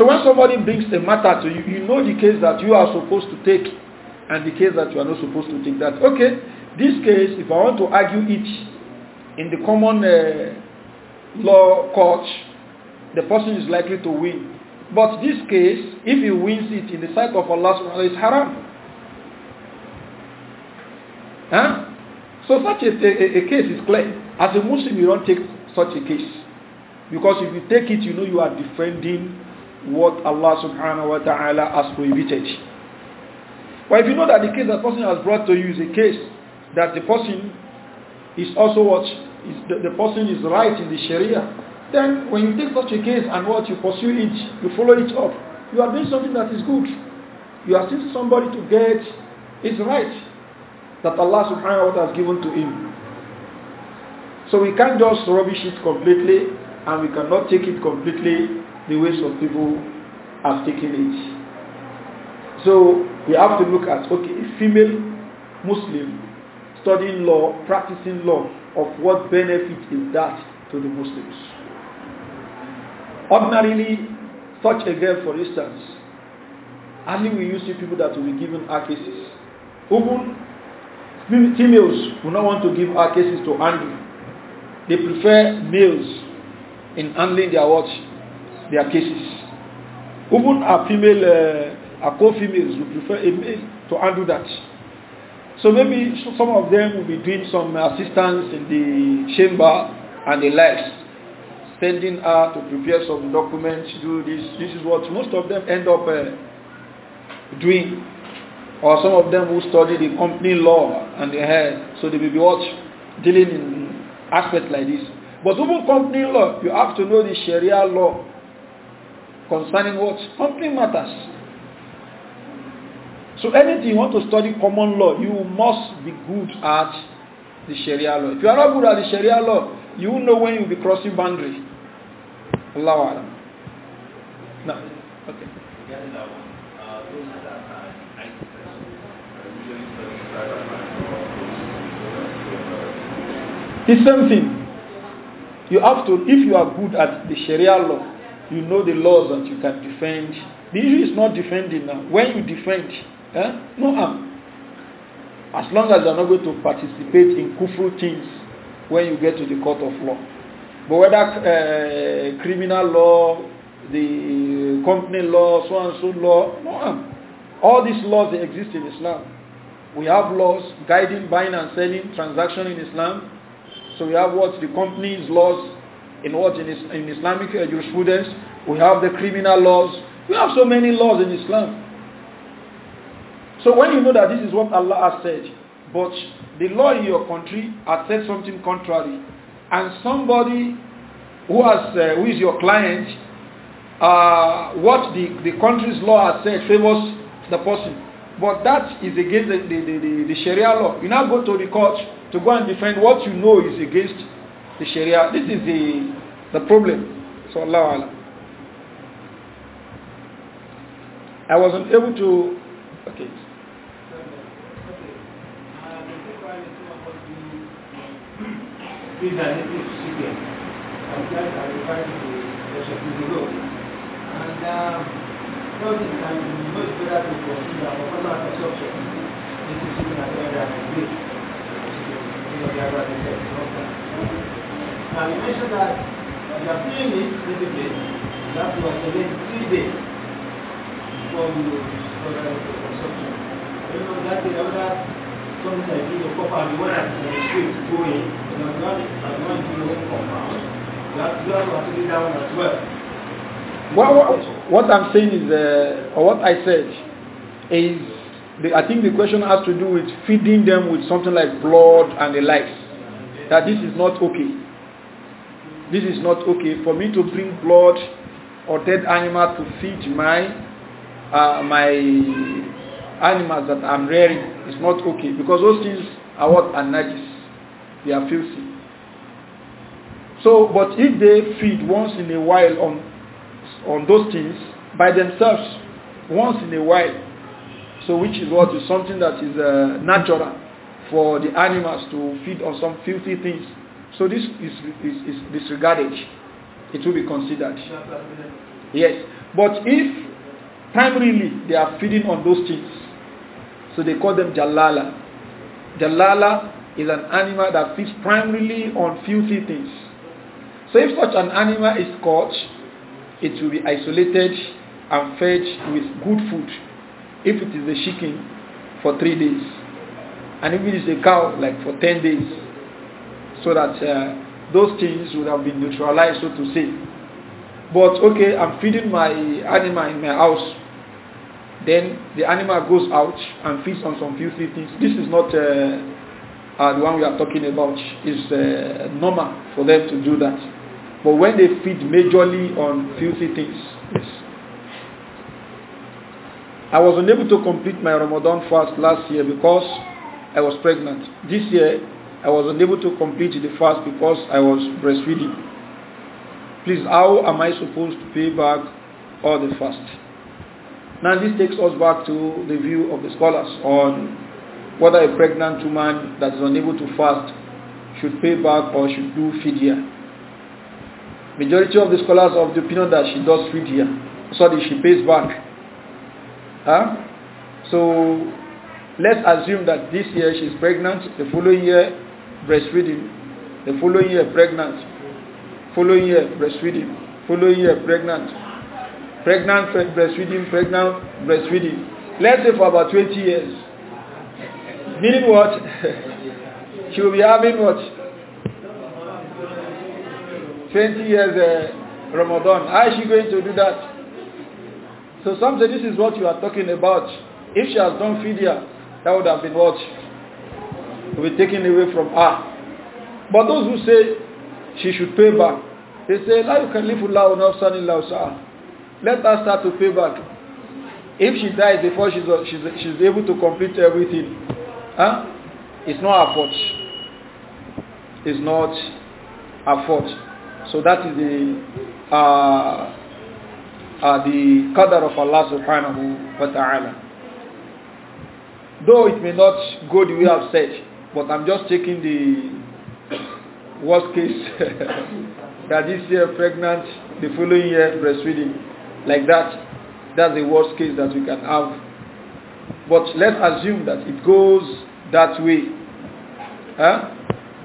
So when somebody brings a matter to you, you know the case that you are supposed to take and the case that you are not supposed to take that. Okay, this case, if I want to argue it, in the common uh, law court, the person is likely to win. But this case, if he wins it in the sight of Allah it's haram. Huh? So such a, a, a case is clear. As a Muslim, you don't take such a case. Because if you take it, you know you are defending what Allah subhanahu wa ta'ala has prohibited. But if you know that the case that person has brought to you is a case that the person is also what is the, the person is right in the Sharia, then when you take such a case and what you pursue it, you follow it up, you are doing something that is good. You are seeing somebody to get his right that Allah subhanahu wa ta'ala has given to him. So we can't just rubbish it completely and we cannot take it completely the way some people have taken it. So we have to look at okay, a female Muslim studying law, practicing law, of what benefit is that to the Muslims. Ordinarily, such a girl, for instance, only we use the people that will be given our cases. Even females do not want to give our cases to handle. They prefer males in handling their watch, their cases. Even our female, uh, our co-females, will prefer a male to handle that. So maybe some of them will be doing some assistance in the chamber and the likes, sending her to prepare some documents, do this. This is what most of them end up uh, doing. Or some of them who study the company law and the head, so they will be what? Dealing in aspects like this. But even company law, you have to know the Sharia law concerning what? Company matters. So anything you want to study common law, you must be good at the Sharia law. If you are not good at the Sharia law, you will know when you will be crossing boundary. Allah Alam. No. Okay. Uh, the same thing. You have to, if you are good at the Sharia law, you know the laws that you can defend. The issue is not defending now. When you defend, Eh? No harm. As long as you are not going to participate in kufru things when you get to the court of law. But whether uh, criminal law, the company law, so and so law, no harm. All these laws they exist in Islam. We have laws guiding buying and selling transaction in Islam. So we have what the company's laws in what in, is, in Islamic eh, jurisprudence. We have the criminal laws. We have so many laws in Islam. So when you know that this is what Allah has said, but the law in your country has said something contrary, and somebody who, has, uh, who is your client, uh, what the, the country's law has said favors the person, but that is against the, the, the, the, Sharia law. You now go to the court to go and defend what you know is against the Sharia. This is the, the problem. So Allah Allah. I wasn't able to... Okay. these are native Syrians. And that are referred to the Shakuzuro. And um, so it can be much better to consider for formal consumption native Syrian as well as Greek. You know, the other thing Now you mentioned that you are doing it natively. You have to isolate three days before you discover the consumption. I know, that's the other What, what, what I'm saying is, uh, or what I said, is the, I think the question has to do with feeding them with something like blood and the likes. That this is not okay. This is not okay for me to bring blood or dead animal to feed my uh, my animals that I'm rearing is not okay because those things are what are najis. They are filthy. So, but if they feed once in a while on, on those things by themselves, once in a while, so which is what is something that is uh, natural for the animals to feed on some filthy things. So this is, is, is disregarded. It will be considered. Yes. But if primarily they are feeding on those things, so they call them Jalala. Jalala is an animal that feeds primarily on filthy things. So if such an animal is caught, it will be isolated and fed with good food. If it is a chicken, for three days. And if it is a cow, like for 10 days. So that uh, those things would have been neutralized, so to say. But okay, I'm feeding my animal in my house then the animal goes out and feeds on some few things. This is not uh, uh, the one we are talking about. It's uh, normal for them to do that. But when they feed majorly on filthy things, yes. I was unable to complete my Ramadan fast last year because I was pregnant. This year, I was unable to complete the fast because I was breastfeeding. Please, how am I supposed to pay back all the fast? Now this takes us back to the view of the scholars on whether a pregnant woman that is unable to fast should pay back or should do fidya. Majority of the scholars of the opinion that she does fidya. Sorry, she pays back. Huh? So let's assume that this year she's pregnant, the following year breastfeeding, the following year pregnant, following year breastfeeding, following year pregnant, Pregnant, breastfeeding, pregnant, breastfeeding. Let's say for about 20 years. Meaning what? she will be having what? 20 years uh, Ramadan. How is she going to do that? So some say this is what you are talking about. If she has done fidya, that would have been what? Will be taken away from her. But those who say she should pay back, they say, La yukallifu son in law let her start to pay back. If she dies before she's, she's, she's able to complete everything, huh? it's not her fault. It's not her fault. So that is the uh, uh, the qadar of Allah subhanahu wa ta'ala. Though it may not go the way I've said, but I'm just taking the worst case that this year pregnant, the following year breastfeeding like that. That's the worst case that we can have. But let's assume that it goes that way. Huh?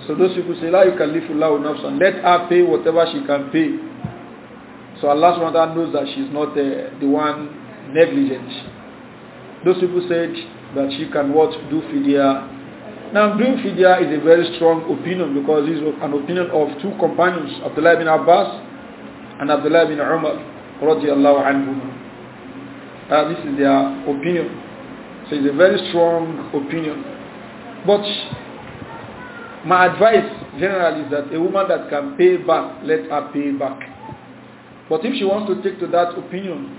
So those people say, La yukallifullahu nafsan. Let her pay whatever she can pay. So Allah SWT knows that she's not uh, the one negligent. Those people said that she can what? Do fidya. Now doing fidya is a very strong opinion because it's an opinion of two companions, Abdullah bin Abbas and Abdullah bin Umar radiallahu anhu. Uh, this is their opinion. So it's a very strong opinion. But my advice generally is that a woman that can pay back, let her pay back. But if she wants to take to that opinion,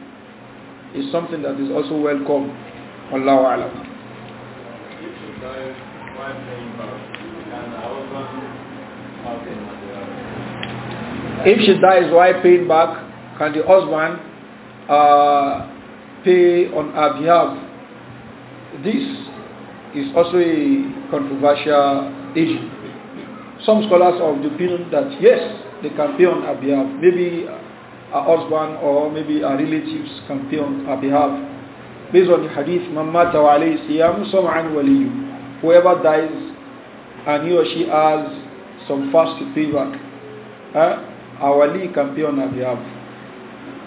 it's something that is also welcome. Allahu Alam. If she dies, why paying back? Can the husband uh, pay on her behalf? This is also a controversial issue. Some scholars are of the opinion that yes, they can pay on her behalf. Maybe a husband or maybe a relatives can pay on her behalf. Based on the hadith, Mamata wa alayhi siyam sam'an Whoever dies and he or she has some fast to pay back, uh, eh, our wali can pay on her behalf.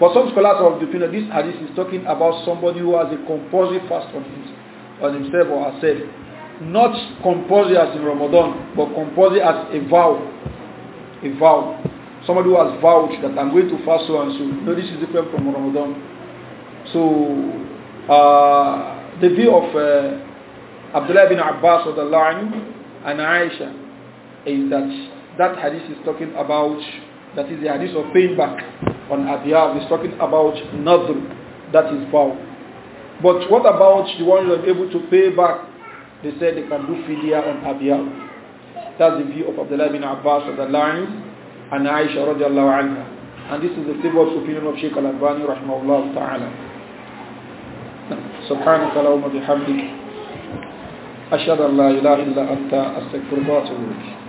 For some scholars of the opinion, this hadith is talking about somebody who has a compulsory fast on, his, on himself or herself. Not compulsory as in Ramadan, but compulsory as a vow. A vow. Somebody who has vowed that I'm going to fast so and so. No, this is different from Ramadan. So, uh, the view of uh, Abdullah bin Abbas and Aisha is that that hadith is talking about that is the hadith of paying back on we He's talking about nothing. That is vow. But what about the ones that are able to pay back? They said they can do fidya on Adiyab. That's the view of Abdullah bin Abbas of the line and Aisha radiallahu anha. And this is the favored opinion of Sheikh Al-Albani rahmahullah ta'ala. سبحانك اللهم وبحمدك أشهد أن لا إله إلا أنت أستغفرك وأتوب إليك